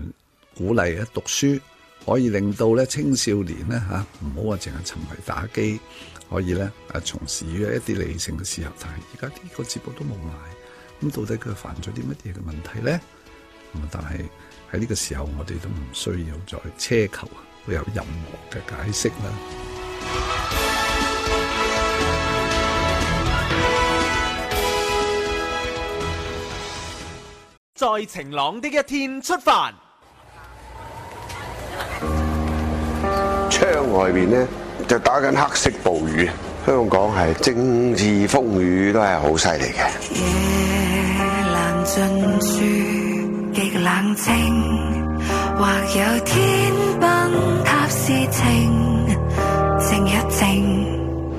鼓勵啊讀書，可以令到咧青少年咧嚇唔好話淨係沉迷打機。可以咧，從事於一啲理性嘅事後，但係而家呢個節目都冇埋，咁到底佢犯咗啲乜嘢嘅問題咧？咁但係喺呢個時候，我哋都唔需要再奢求會有任何嘅解釋啦。
在晴朗的一天出發，
窗外邊咧？就打緊黑色暴雨，香港係政治風雨都係好犀利嘅。夜難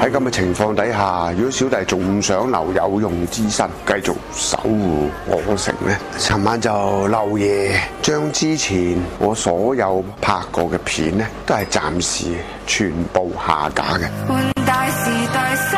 喺咁嘅情況底下，如果小弟仲想留有用之身，繼續守護我城呢，尋晚就漏夜將之前我所有拍過嘅片呢，都係暫時全部下架嘅。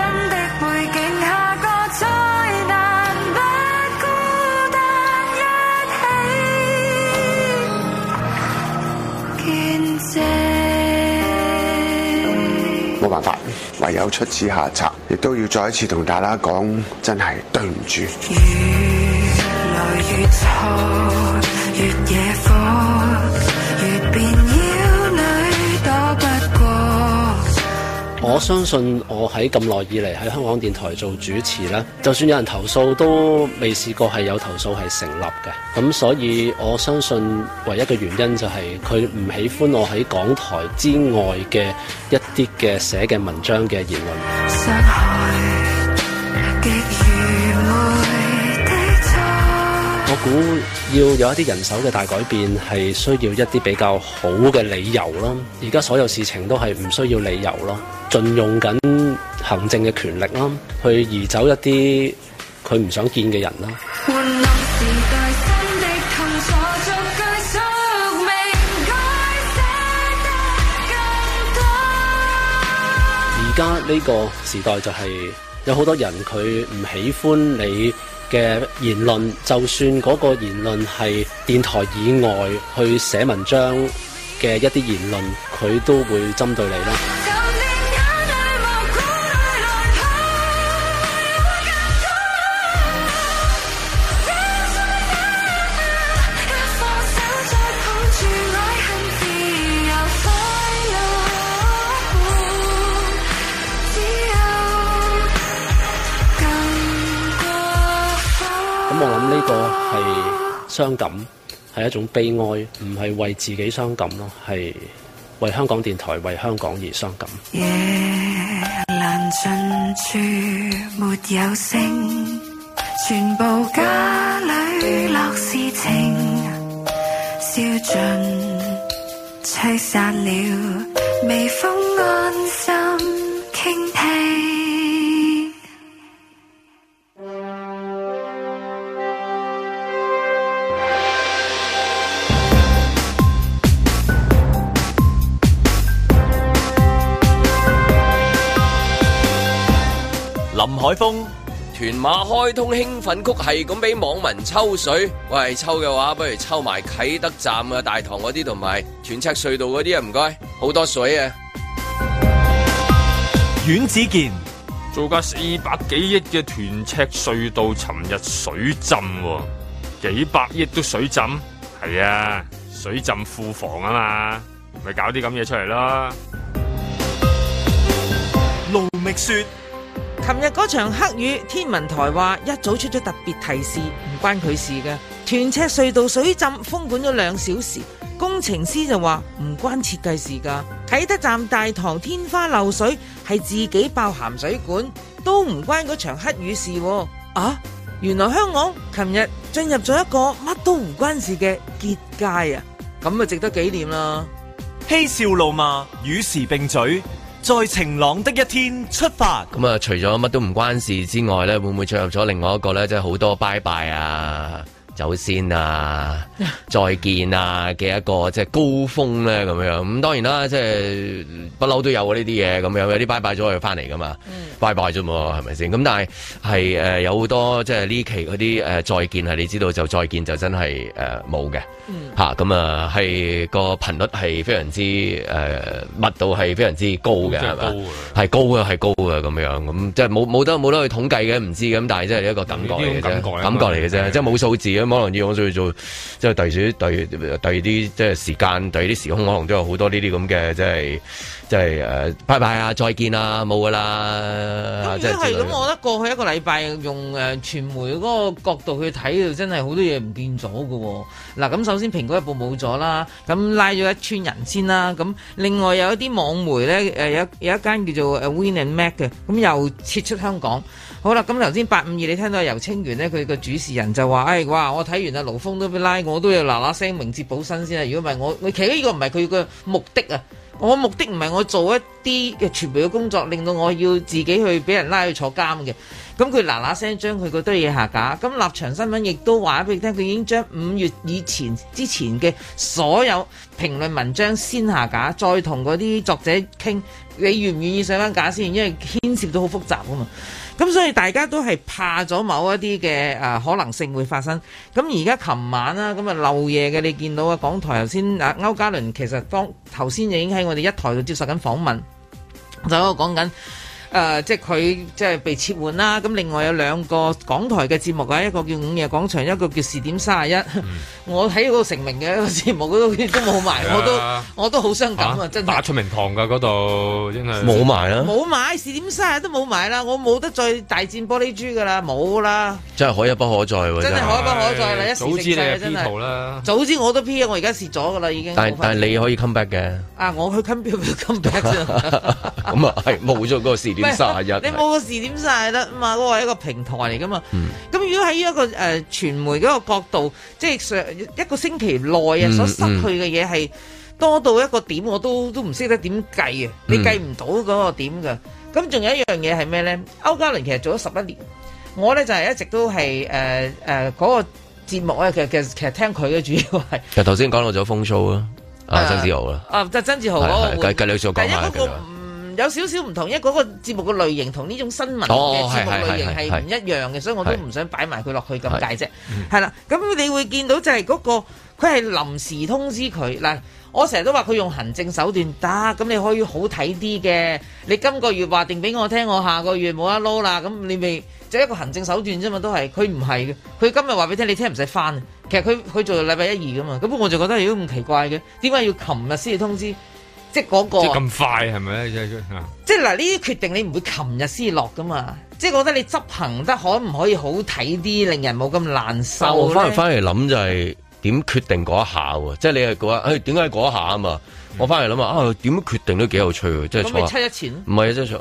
唯有出此下策，亦都要再一次同大家講，真係對唔住。越
我相信我喺咁耐以嚟喺香港電台做主持啦，就算有人投訴都未試過係有投訴係成立嘅。咁所以我相信唯一嘅原因就係佢唔喜歡我喺港台之外嘅一啲嘅寫嘅文章嘅言論。估要有一啲人手嘅大改變，係需要一啲比較好嘅理由咯。而家所有事情都係唔需要理由咯，盡用緊行政嘅權力啦，去移走一啲佢唔想見嘅人啦。而家呢個時代就係有好多人佢唔喜歡你嘅言論，就算嗰個言論係電台以外去寫文章嘅一啲言論，佢都會針對你啦。我諗呢個係傷感，係一種悲哀，唔係為自己傷感咯，係為香港電台、為香港而傷
感。
林海峰，屯馬開通興奮曲係咁俾網民抽水，喂，抽嘅話不如抽埋啟德站啊，大堂嗰啲
同埋屯赤隧道嗰啲啊，唔該，好多水啊！阮子健，造價四百幾億嘅屯赤隧道尋日水浸，幾百億都水浸，係啊，水浸庫房啊嘛，咪搞啲咁嘢出嚟啦！
盧覓雪。琴日嗰場黑雨，天文台話一早出咗特別提示，唔關佢事嘅。屯赤隧道水浸封管咗兩小時，工程師就話唔關設計事噶。啟德站大堂天花漏水係自己爆咸水管，都唔關嗰場黑雨事。啊，原來香港琴日進入咗一個乜都唔關事嘅結界啊！咁啊，值
得紀念啦。嬉笑怒罵與時並舉。在晴朗的一
天出發。
咁、嗯、除咗乜都唔關事之外呢，會唔會進入咗另外一個呢？真係好多拜拜啊？走先啊， 再見啊嘅一個即係、就是、高峰咧咁樣，咁當然啦，即係不嬲都有呢啲嘢咁樣，有啲拜拜咗佢翻嚟噶嘛，嗯，拜拜啫，係咪先？咁但係係誒有好多即係呢期嗰啲誒再見係你知道就再見就真係誒冇嘅，吓、呃、咁、嗯、啊係個頻率係非常之誒、呃，密度係非常之高嘅，係高嘅係、就是、高嘅咁樣咁，即係冇冇得冇得去統計嘅，唔知咁，但係即係一、這個感覺嚟啫、就是，感覺嚟嘅啫，即係冇數字啊咁可能以我做要做，即係第二啲、第二第二啲，即係時間、第二啲時空，可能都有好多呢啲咁嘅，即係即係誒、呃，拜拜啊，再見、啊、啦，冇噶啦！真係咁，我覺得
過去一個禮拜用誒、呃、傳媒嗰個角度去睇，真係好多嘢唔見咗㗎喎。嗱、啊，咁首先《蘋果日報》冇咗啦，咁拉咗一串人先啦。咁另外有一啲網媒咧、呃，有有一間叫做《Win and Mac》嘅，咁又撤出香港。好啦，咁頭先八五二你聽到游清源呢，佢個主持人就話：誒、哎，哇！我睇完啊，盧峰都俾拉我都要嗱嗱聲明哲保身先啦，如果唔係我，其實呢個個唔係佢個目的啊！我的目的唔係我做一啲嘅傳媒嘅工作，令到我要自己去俾人拉去坐監嘅。咁佢嗱嗱聲將佢個堆嘢下架。咁立場新聞亦都話俾你聽，佢已經將五月以前之前嘅所有評論文章先下架，再同嗰啲作者傾，你願唔願意上翻架先？因為牽涉到好複雜啊嘛。咁所以大家都係怕咗某一啲嘅誒可能性會發生。咁而家琴晚啦，咁啊漏夜嘅你見到啊，港台頭先啊歐嘉倫其實當頭先已經喺我哋一台度接受緊訪問，就喺度講緊。誒、呃，即係佢即係被撤換啦。咁、嗯、另外有兩個港台嘅節目一個叫午夜廣場，一個叫視點三十一。我喺嗰個成名嘅個節目嗰度都冇埋，我都、啊、我都好傷感啊！
真打出名堂㗎嗰度，真係冇埋啦，冇
埋視點三一都冇埋啦，我冇得再大戰玻璃珠㗎啦，冇啦，
真係可一不可
再喎，真係可一不可再啦！一時勝勢真係早知，徒徒
早知我都 P 啊，我而家蝕咗㗎啦已經但，
但你可以 come back 嘅
啊，我去 come back come back 咁
啊，係冇咗嗰個視點。唔係，你冇
個字點曬得嘛？嗰個係一個平台嚟噶嘛？咁如果喺一個誒傳媒嗰個角度，即係上一個星期內啊，所失去嘅嘢係多到一個點，我都都唔識得點計啊！你計唔到嗰個點噶。咁仲有一樣嘢係咩咧？歐嘉麟其實做咗十一年，我咧就係一直都係誒誒嗰個節目呀，其實其實其實聽佢嘅主要係其
實頭先講到咗風 show 啦，
啊曾志豪
啦，啊即係曾志豪我會繼繼續講下。
有少少唔同，因為嗰個節目嘅類型同呢種新聞嘅節目類型係唔一樣嘅、哦，所以我都唔想擺埋佢落去咁解啫。係啦，咁、嗯、你會見到就係嗰、嗰個佢係臨時通知佢嗱，我成日都話佢用行政手段打，咁、啊、你可以好睇啲嘅。你今個月話定俾我聽，我下個月冇得撈啦，咁你咪就係、一個行政手段啫嘛，都係佢唔係嘅。佢今日話俾你聽，你聽唔使返。其實佢佢做禮拜一二嘅嘛，咁我就覺得都咁奇怪嘅，點解要琴日先通知？即係、那、嗰個，即咁快
係咪
即係嗱，呢啲決定你唔會琴日先落㗎嘛？即係我覺得你執行得可唔可以好睇啲，令人冇咁難受、啊、我翻嚟翻
嚟諗就係、是、點決定嗰一下喎？即係你係講，點解嗰一下啊嘛、哎啊嗯？我翻嚟諗啊，點樣決定都幾有趣喎！即係出，咁咪七一前？唔係即係出，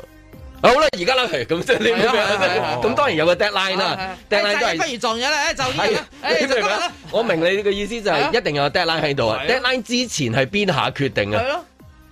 好啦，而家啦咁即係呢啲咁當然有個 deadline 啦、啊啊啊、deadline 都係不如
撞咗啦，就呢、是哎啊、
我明你呢個意思就係、是啊、一定有 deadline 喺度啊，是啊！deadline 之前係邊下決定啊？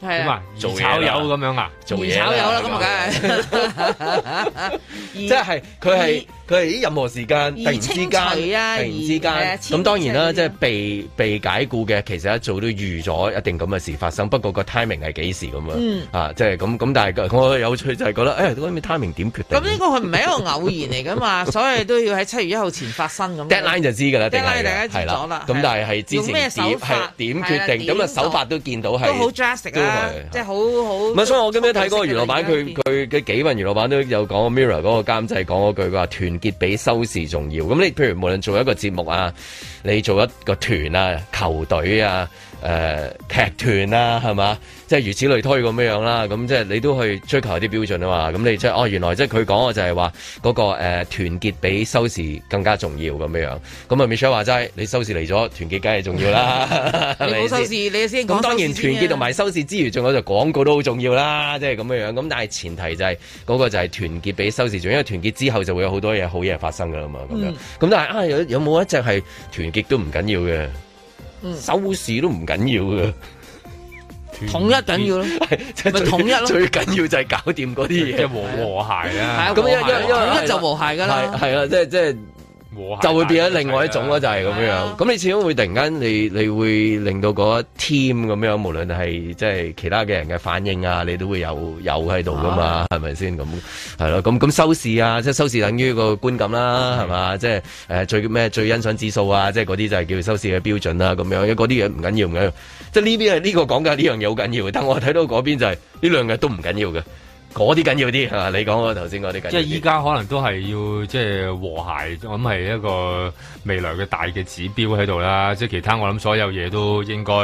咁做炒友
咁樣啊，做
炒友啦，咁梗係，即係佢係佢任何時間，突然、啊、之間，突然之間咁、啊、當然啦，即、就、係、是、被被解雇嘅，其實一早都預咗一定咁嘅事發生，不過個 timing 係幾時咁啊、嗯？啊，即係咁咁，但係我有趣就係覺得，誒、哎、timing、那個嗯、 點決定？
咁呢個佢唔係一個偶然嚟噶嘛，所以都要喺七月一號前發生咁。Deadline 就知㗎啦，定係係咁，
但係係之前係點決定？咁啊手法都見到係好即
係好好，唔係，所以我今日睇嗰個
娛樂版，佢佢佢幾份娛樂版都有講 Mirror 嗰個監製講嗰句，佢話團結比收視重要。咁你譬如無論做一個節目啊，你做一個團啊，球隊啊。誒、呃、劇團啦、啊，係嘛？即係如此類推咁樣樣啦。咁即係你都去追求啲標準啊嘛。咁你即係哦，原來即係佢講嘅就係話嗰個誒、呃、團結比收視更加重要咁樣樣。咁啊，Michelle 話齋，你收視嚟咗，團結梗係重要啦。 你冇收視，
你先講當然團結同埋
收視之餘，仲 有就廣告都好重要啦。即係咁樣樣。咁但係前提就係、係、嗰、嗰個就係團結比收視重要，因為團結之後就會有好多好多嘢好嘢發生㗎嘛。咁樣咁、嗯、但係啊，有有冇一隻係團結都唔緊要嘅？守護士都唔緊要㗎，統一緊要咯，咪統一咯，最緊要就係搞掂嗰啲嘢，和和諧啊，咁一統一就和諧噶啦，係啦，即係即係。就會變咗另外一種咯，就係咁樣。咁你始終會突然間，你你會令到嗰 team 咁樣，無論係即係其他嘅人嘅反應啊，你都會有有喺度㗎嘛，係咪先咁？係咯，咁咁收視啊，即係收視等於個觀感啦，係嘛？即係誒最咩最欣賞指數啊，即係嗰啲就係叫收視嘅標準啦，咁樣。因為嗰啲嘢唔緊要唔緊要，即係呢邊係呢個講緊呢樣嘢好緊要，但係我睇到嗰邊就係呢兩日都唔緊要嘅。嗰啲緊要啲你講我頭先嗰啲緊。即係依
家可能都係要即係和諧，咁係係一個未來嘅大嘅指標喺度啦。即係其他我諗所有嘢都應該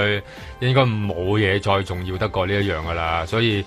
應該冇嘢再重要得過呢一樣㗎啦。所以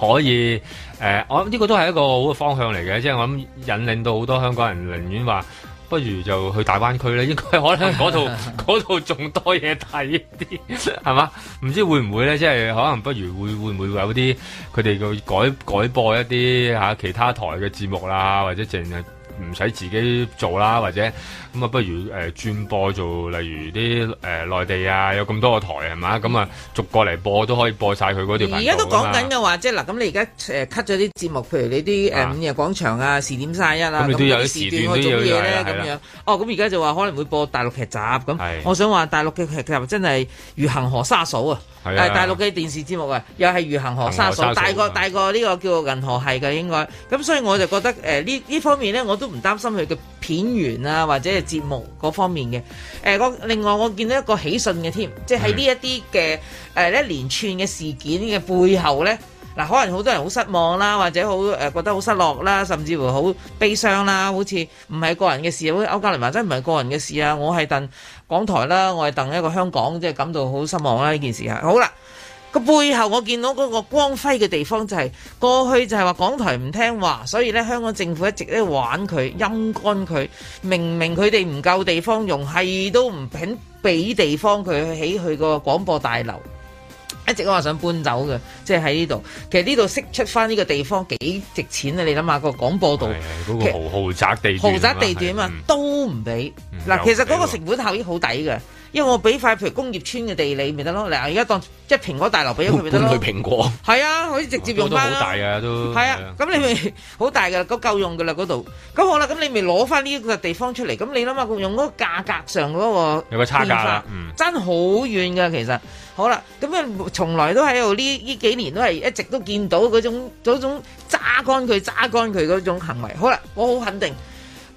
可以誒、呃，我諗呢個都係一個好嘅方向嚟嘅。即係我諗引領到好多香港人寧願話。不如就去大灣區咧，應該可能嗰度嗰度仲多嘢睇啲，係嘛？唔知會唔會咧，即係可能不如會會唔會有啲佢哋會改改播一啲下、啊、其他台嘅節目啦，或者淨係唔使自己做啦，或者。咁啊，不如誒轉、呃、播做，例如啲誒、呃、內地啊，有咁多個台係嘛，咁啊逐個嚟播都可以播晒佢嗰條。而家都講緊
嘅話，即係嗱，咁你而家誒 cut 咗啲節目，譬如你啲誒、呃啊、五夜廣場啊，試點曬一啦、啊，都有時段嗰種嘢咧，咁樣。哦，咁而家就話可能會播大陸劇集，咁我想話大陸嘅劇集真係如恆河沙數啊，係大陸嘅電視節目啊，又係如恆河沙數，大過、啊、大過呢個叫銀河系嘅應該。咁所以我就覺得誒呢呢方面咧，我都唔擔心佢嘅片源啊，或者、嗯。節目嗰方面嘅，誒，我另外我見到一個喜訊嘅添，即係呢一啲嘅，誒一連串嘅事件嘅背後呢，嗱，可能好多人好失望啦，或者好誒、呃、覺得好失落啦，甚至乎好悲傷啦，好似唔係個人嘅事，好似歐加尼華真唔係個人嘅事啊，我係鄧港台啦，我係鄧一個香港，即係感到好失望啦呢件事啊，好啦。個背後我見到嗰個光輝嘅地方就係過去就係話港台唔聽話，所以咧香港政府一直喺度玩佢陰乾佢。明明佢哋唔夠地方用，係都唔肯俾地方佢起佢個廣播大樓。一直我話想搬走嘅，即係喺呢度。其實呢度釋出翻呢個地方幾值錢啊！你諗下個廣播道、
嗰個，豪宅地段豪宅地段啊，
都唔俾。
嗱、嗯，其實
嗰個成本效益好抵嘅。因為我俾塊譬如工業村嘅地你咪得咯，嗱，而家當即係蘋果大樓俾咗佢咪得咯，佢蘋果係啊，可以直接用到好大嘅都係啊，咁、啊啊啊嗯、你咪好大嘅啦，嗰夠用嘅啦嗰度，咁好啦，咁你咪攞翻呢個地方出嚟，咁你諗下用嗰個價格上嗰個有冇差價？嗯，真好遠嘅其實，好啦，咁樣從來都喺度呢呢幾年都係一直都見到嗰種嗰種榨乾佢榨乾佢嗰種行為。好啦，我好肯定，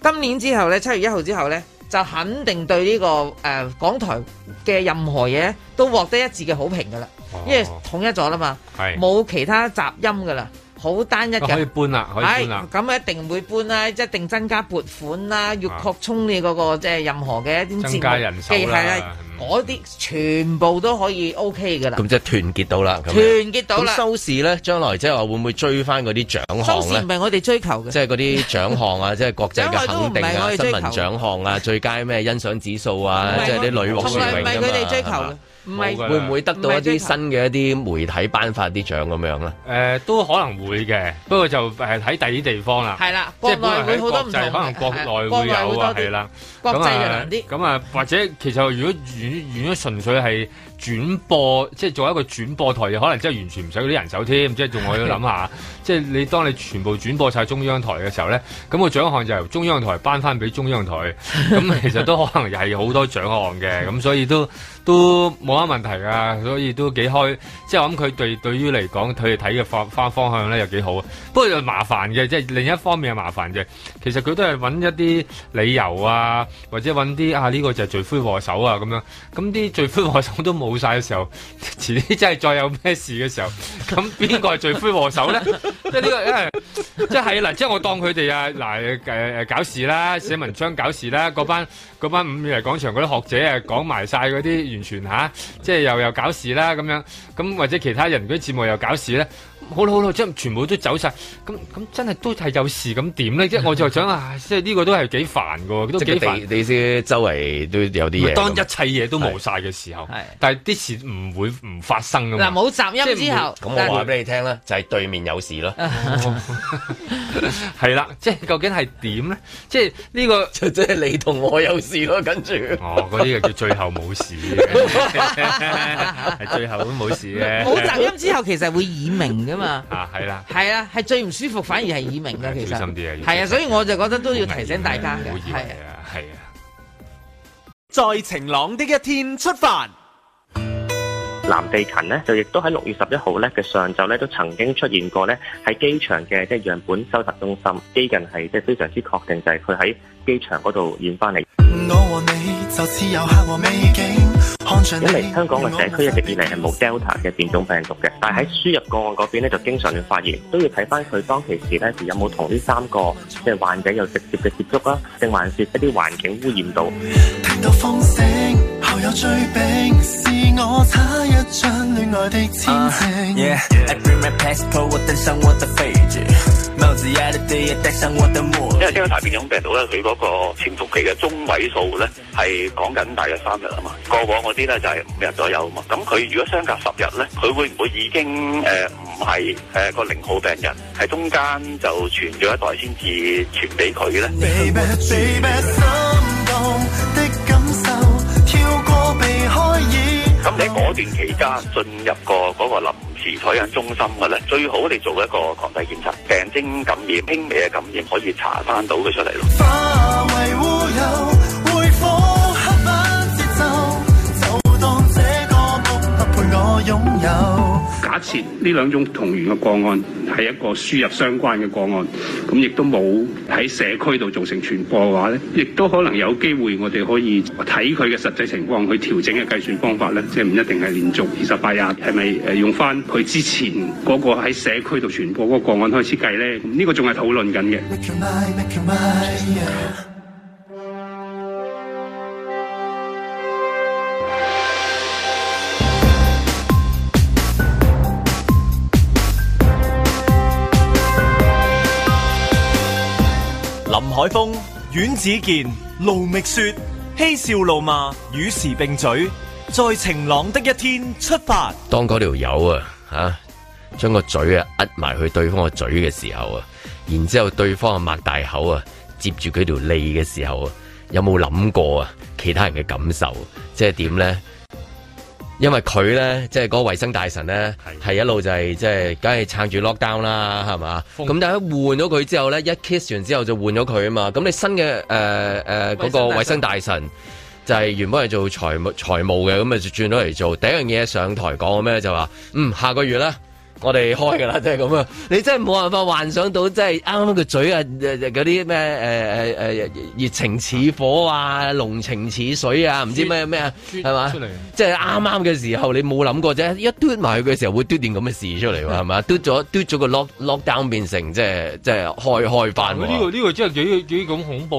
今年之後咧，七月一號之後咧。就肯定對呢、這個誒、呃、港台嘅任何嘢都獲得一致嘅好評嘅啦，因為統一咗啦嘛，冇其他雜音噶啦。好單一嘅，可以搬啦，
可以搬
啦，咁一定會搬啦，一定增加撥款啦，要擴充你嗰個即係任何嘅一啲節目，增加人手，既係嗰啲全部都可以 OK 嘅啦。咁即係團結到啦，
團結到啦。收視咧，將來即係話會唔會追翻嗰啲獎項咧？收視唔係我哋追求嘅，即係嗰啲獎項啊，即係國際嘅肯定啊，新聞獎項啊，最佳咩欣賞指數啊，即係啲女皇榮譽咁啊。
唔係，會唔會得
到一啲新嘅一啲媒體頒發啲獎咁樣咧？
誒、呃，都可能會嘅，不過就誒睇第啲地方啦。係
啦，即係內外好多唔同，可能國內會有啊，係啦，
國際弱啲。咁、嗯、啊、嗯嗯嗯，或者其實如果如如果純粹係轉播，即 係做一個轉播台嘅，可能真係完全唔使嗰啲人手添，即係仲我要諗下。即 係你當你全部轉播晒中央台嘅時候咧，咁、那個獎項就由中央台頒翻俾中央台，咁其實都可能又係好多獎項嘅，咁 所以都。都冇乜問題啊，所以都幾開，即係我諗佢對對於嚟講，佢哋睇嘅方方向咧又幾好啊。不過又麻煩嘅，即係另一方面係麻煩嘅。其實佢都係揾一啲理由啊，或者揾啲啊，呢個就係罪魁禍首啊咁樣。咁啲罪魁禍首都冇晒嘅時候，遲啲真係再有咩事嘅時候，咁邊個係罪魁禍首咧？ 即係呢個，因即係嗱，即 係樂、 啊就是、我當佢哋啊嗱誒誒搞事啦，寫文章搞事啦，嗰班嗰班五月嚟廣場嗰啲學者啊，講埋晒嗰啲完全吓，即係又又搞事啦咁樣，咁或者其他人嗰啲節目又搞事咧。好啦好啦，即係全部都走晒，咁咁真係都係有事咁點咧？即係 我就想啊，即係呢個都係幾煩噶，
都幾煩。
你先周圍都有啲嘢。當一
切嘢都冇晒嘅時候，但係啲事唔會唔發生。嗱冇
雜音之後，咁我話俾你
聽啦就係、是、對面有事咯。係 啦， 即係究竟係點咧？即係、這、呢個即
係、就是、你同我有事咯。跟住，哦，
嗰啲叫最後冇事，
係 最後都冇事嘅。冇雜音之後，其實會耳鳴 啊，係啦，係啊，係最唔舒服，反而係耳鳴噶，其實，係 啊，所以我就覺得都要提醒大家嘅，係啊，係啊，在、啊啊、晴朗的一天出發。
南地勤咧，就亦都喺六月十一號咧嘅上晝咧，都曾經出現過咧喺機場嘅即係樣本收集中心，基因係即係非常之確定，就係佢喺機場嗰度染翻嚟。
因為香
港嘅社區一直以嚟係冇 Delta 嘅變種病毒嘅，但係喺輸入個案嗰邊咧，就經常會發現都要睇翻佢當其時咧有冇同呢三個即係患者有直接嘅接觸啦，定還是一啲環境污染到。
我我有罪是我差一張戀愛的簽證。因為呢個大變種病毒咧，佢嗰個
潛伏期嘅中位數咧，係講緊大約三日啊嘛。過往嗰啲咧就係、是、五日左右啊嘛。咁佢如果相隔十日咧，佢會唔會已經誒唔係誒個零號病人，喺中間就傳咗一代先至傳俾佢咧
？Baby,
咁你喺嗰段期間進入過個，嗰個臨時採樣中心嘅咧，最好你做一個抗體檢查，病徵感染輕微嘅感染可以查翻到佢出嚟咯。化
為
呢兩種同源嘅個案係一個輸入相關嘅個案，咁亦都冇喺社區度造成傳播嘅話呢，亦都可能有機會我哋可以睇佢嘅實際情況去調整嘅計算方法呢，即係唔一定係連續二十八日，係咪誒，用翻佢之前嗰個喺社區度傳播嗰個個案開始計呢？呢、呢個仲係討論緊嘅。
海峰、阮子健、盧覓雪、嬉笑怒罵、與時並嘴，在晴朗
的一天出發。
當嗰條友啊，吓將個嘴啊，呃埋去對方個嘴嘅時候啊，然之後對方啊，擘大口啊，接住佢條脷嘅時候啊，有冇諗過啊，其他人嘅感受，即係點咧？因為佢咧，即係嗰個衛生大臣咧，係一路就係即係，梗係撐住 lock down 啦，係嘛？咁但係換咗佢之後咧，一 kiss 完之後就換咗佢啊嘛！咁你新嘅，誒誒，嗰個衛生大臣，那個，就係原本係做財務財務嘅，咁啊就轉咗嚟，做，嗯。第一樣嘢上台講咩就話，嗯，下個月咧。我哋開㗎啦，即係咁啊！你真係冇辦法幻想到，即係啱啱個嘴啊！嗰啲咩誒誒誒熱情似火啊，濃情似水啊，唔知咩咩啊，係嘛？即係啱啱嘅時候，你冇諗過啫。一端埋去嘅時候，會端掂咁嘅事出嚟喎，係嘛？端咗端咗個 lock lock down 變成即係即係開開翻喎。
呢個呢個真係幾幾咁恐怖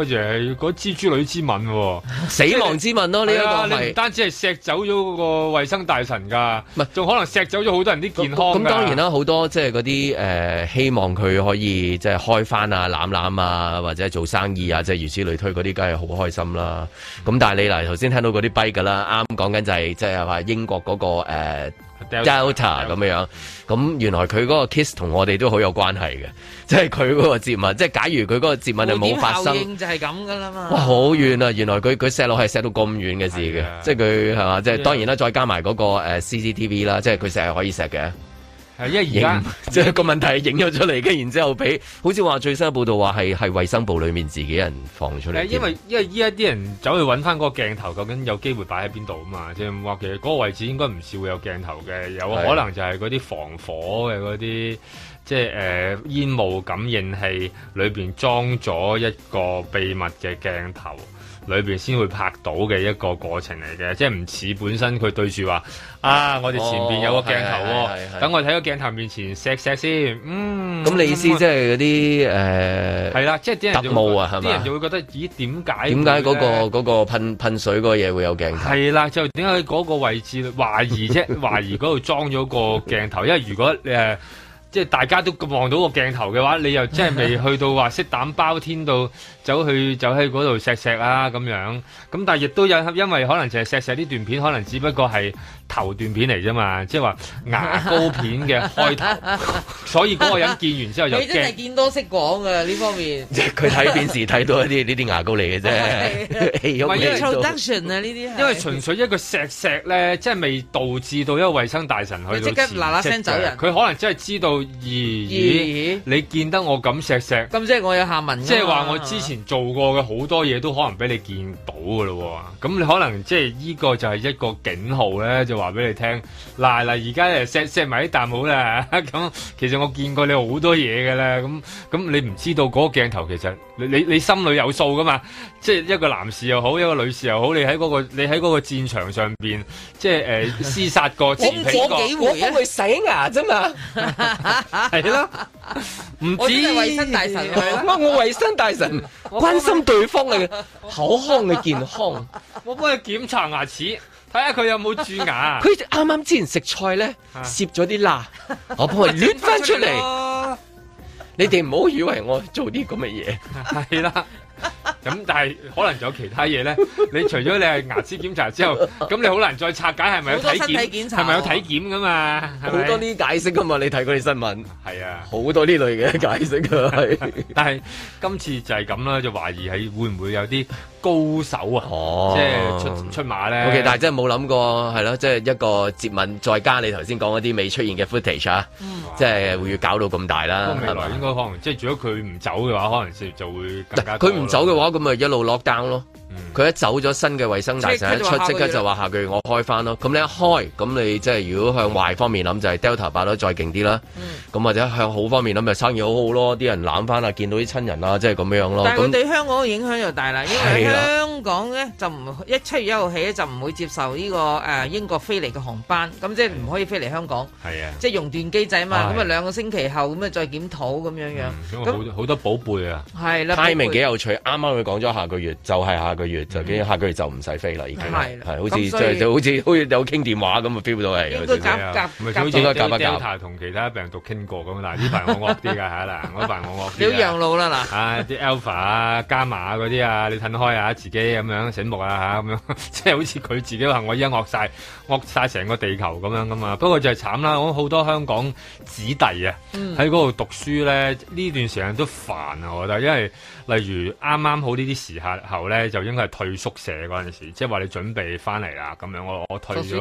喎！嗰隻係嗰蜘蛛女之吻喎，死亡之吻咯。呢一個係啊！你唔單止係錫走咗嗰個衞生大臣㗎，唔係仲可能錫走咗好多人啲咁當然啦，
好多即係嗰啲誒，希望佢可以即係開翻啊、攬攬啊，或者做生意啊，即係如此類推，嗰啲梗係好開心啦。咁但係你嗱頭先聽到嗰啲跛㗎啦，啱講緊就係即係話英國嗰個誒 Delta 咁樣，咁原來佢嗰個 kiss 同我哋都好有關係嘅，即係佢嗰個接吻。即係假如佢嗰個接吻係冇發生，
就係咁
噶啦嘛。哇，
好遠啊！原來佢佢錫落係錫到咁遠嘅事嘅，即係佢係嘛？即係當然啦，再加埋嗰個 uh, CCTV 啦，即係佢成日可以錫嘅。係，因為而家即係個問題係影咗出嚟，跟然之後俾好似話最新嘅報道話係係衛生部裏面自己人放出嚟。因為
因為依家啲人走去揾翻嗰個鏡頭，究竟有機會擺喺邊度啊嘛？即係話其實嗰個位置應該唔少會有鏡頭嘅，有可能就係嗰啲防火嘅嗰啲，即係誒煙霧感應器裏邊裝咗一個秘密嘅鏡頭。裏邊先會拍到嘅一個過程嚟嘅，即係唔似本身佢對住話啊，我哋前邊有個鏡頭。哦，等我哋睇個鏡頭面前錫錫先。嗯，咁你意思即係嗰啲誒，係啦，即係啲、呃就是、人特務啊，啲人就會覺得咦，點解點解嗰個嗰、嗰
個噴噴水嗰個嘢會有鏡頭？係
啦，就點解嗰個位置懷疑啫？懷 疑嗰度裝咗個鏡頭，因為如果你誒。即係大家都望到個鏡頭嘅話，你又真係未去到話色膽包天到 走去走喺嗰度錫錫啊咁樣，咁但係亦都有因為可能就係錫錫啲段片，可能只不過係。頭段片嚟啫嘛。即係話牙膏片嘅開
頭， 所以嗰個人見
完
之後就驚
見多識廣啊呢方面。佢睇電
視睇到一啲呢啲
牙膏嚟嘅啫。呢
啲 不 不。 因為純
粹一個石石咧，即係未導致到一個衛生大臣去到。即刻嗱嗱聲走人。佢可能真係知道咦咦、欸欸，你見得我咁石石。
咁、欸欸、即係我有下文。即係話我之
前做過嘅好多嘢都可能俾你見到噶啦，咁、啊、你可能即係呢個就係一個警號咧就。話俾你聽，嗱嗱，而家誒，塞塞埋啲彈帽啦，咁其實我見過你好多嘢嘅啦，咁咁你唔知道嗰個鏡頭，其實你你你心裏有數噶嘛？即係一個男士又好，一個女士又好，你喺嗰、嗰個你喺嗰個戰場上邊，即係誒廝殺過，我我我
幫佢洗牙啫嘛，係 咯，
唔
止，我我衛生大臣，
我衛生大臣關心對方嘅
口腔嘅健康，
你 我幫佢檢查牙齒。 睇下佢有冇蛀
牙？佢
啱啱之前食菜咧，攝咗啲蠟，我幫佢亂翻出嚟。
你哋唔好以為我做啲咁嘅嘢，係 啦。咁但係可能仲有其他嘢咧。你除咗你係牙齒檢查之後，咁你好難再拆解係咪？好多身體檢查係咪有體檢噶嘛？好多啲解釋噶嘛？你睇嗰啲新聞係啊，好多呢類嘅解釋噶係。係 但係今次就係咁啦，就懷疑係會唔會有啲？高手啊！哦、即係出出馬咧。Okay，但係真係冇諗過，係
咯，即係一個接吻，再加你頭先講嗰啲未出現嘅 footage 啊！即係會要搞到咁大啦，未來應
該可能，即係如果佢唔走嘅話，可能就會。佢
唔走嘅話，咁咪一路 lockdown 咯。佢、嗯、一走咗新嘅衛生大臣一出，即刻就話下，下個月我開翻咯。咁你一開，咁你即係如果向壞方面諗就係、是、Delta 八咧再勁啲啦。咁、嗯、或者向好方面諗咪生意好好咯。啲人攬翻啊，見到啲親人、就是、樣啊，一啊，即係咁樣樣咯。但係對
香港嘅影響又大啦，因為香港咧就唔一七月一號起咧就唔會接受呢個誒英國飛嚟嘅航班，咁即係唔可以飛嚟香港。係啊，即係熔斷機制啊嘛。咁啊兩個星期後咁啊再檢討咁樣樣。
好、嗯、多寶貝啊。
係啦、啊。timing 幾有
趣，啱啱佢講咗下個月就係吓。嗯、個月就幾下，個月就唔使飛啦，已經係、嗯、好似就就好似好似有
傾電話咁啊，feel 到係好似，減減減，應該減一減。同其他病毒傾過咁嗱，呢排我惡啲㗎嚇嗱，我排我惡啲。你養老啦嗱，啲、啊、alpha 啊、伽馬嗰啲啊，你褪開啊，自己咁樣醒目啊嚇咁樣，即、啊、係、嗯、 好似佢自己話我已經惡晒，惡晒成個地球咁樣咁啊。不過就係慘啦，我好多香港子弟啊，喺嗰度讀書咧呢段時間都煩啊，我覺得，因為。例如啱啱好候呢啲時刻後咧，就應該係退宿舍嗰陣時，即係話你準備翻嚟啦咁樣，我我退咗，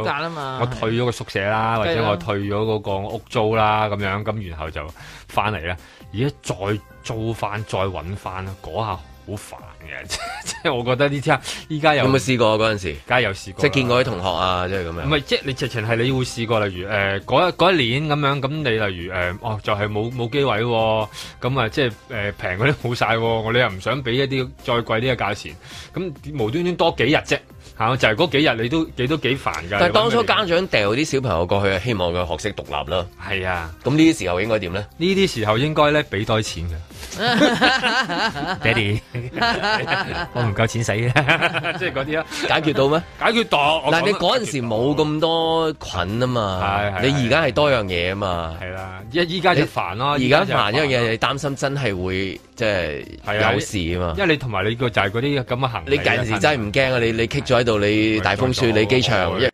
我退咗個宿舍啦，或者我退咗個屋租啦咁樣，咁然後就翻嚟啦，而家再租翻，再揾翻嗰下。好煩嘅，即係我覺得呢啲啊，依家有冇試過嗰陣時？依家有試過，即係見過啲同學啊，即係咁樣。唔係，即係你直情係你會試過，例如誒嗰一嗰一年咁樣，咁你例如誒、呃、哦就係冇冇機位喎、哦，咁啊即係誒平嗰啲冇晒喎。我哋又唔想俾一啲再貴啲嘅價錢，咁無端端多幾日啫。嗯、就係、係、嗰幾日你都幾都幾煩噶。但係當初
家長掉啲小朋友過去，希望佢學識獨立囉。係啊，咁呢啲時候應該點咧？呢
啲時候應該咧俾多錢噶，爹
哋 Daddy, ，
我
唔夠錢使啊，即係嗰啲啊，解決到咩？解決到！嗱，但你嗰陣時冇
咁多菌啊嘛，係係係係你而家係多樣嘢啊嘛。係啦、啊，依家就煩咯、啊，而家煩一樣嘢，你擔心真係會。即係有事啊嘛，因為
你同埋你個就係嗰啲咁嘅行，你近時真係唔
驚啊！你你棘咗喺度，你大風雪，理機場咩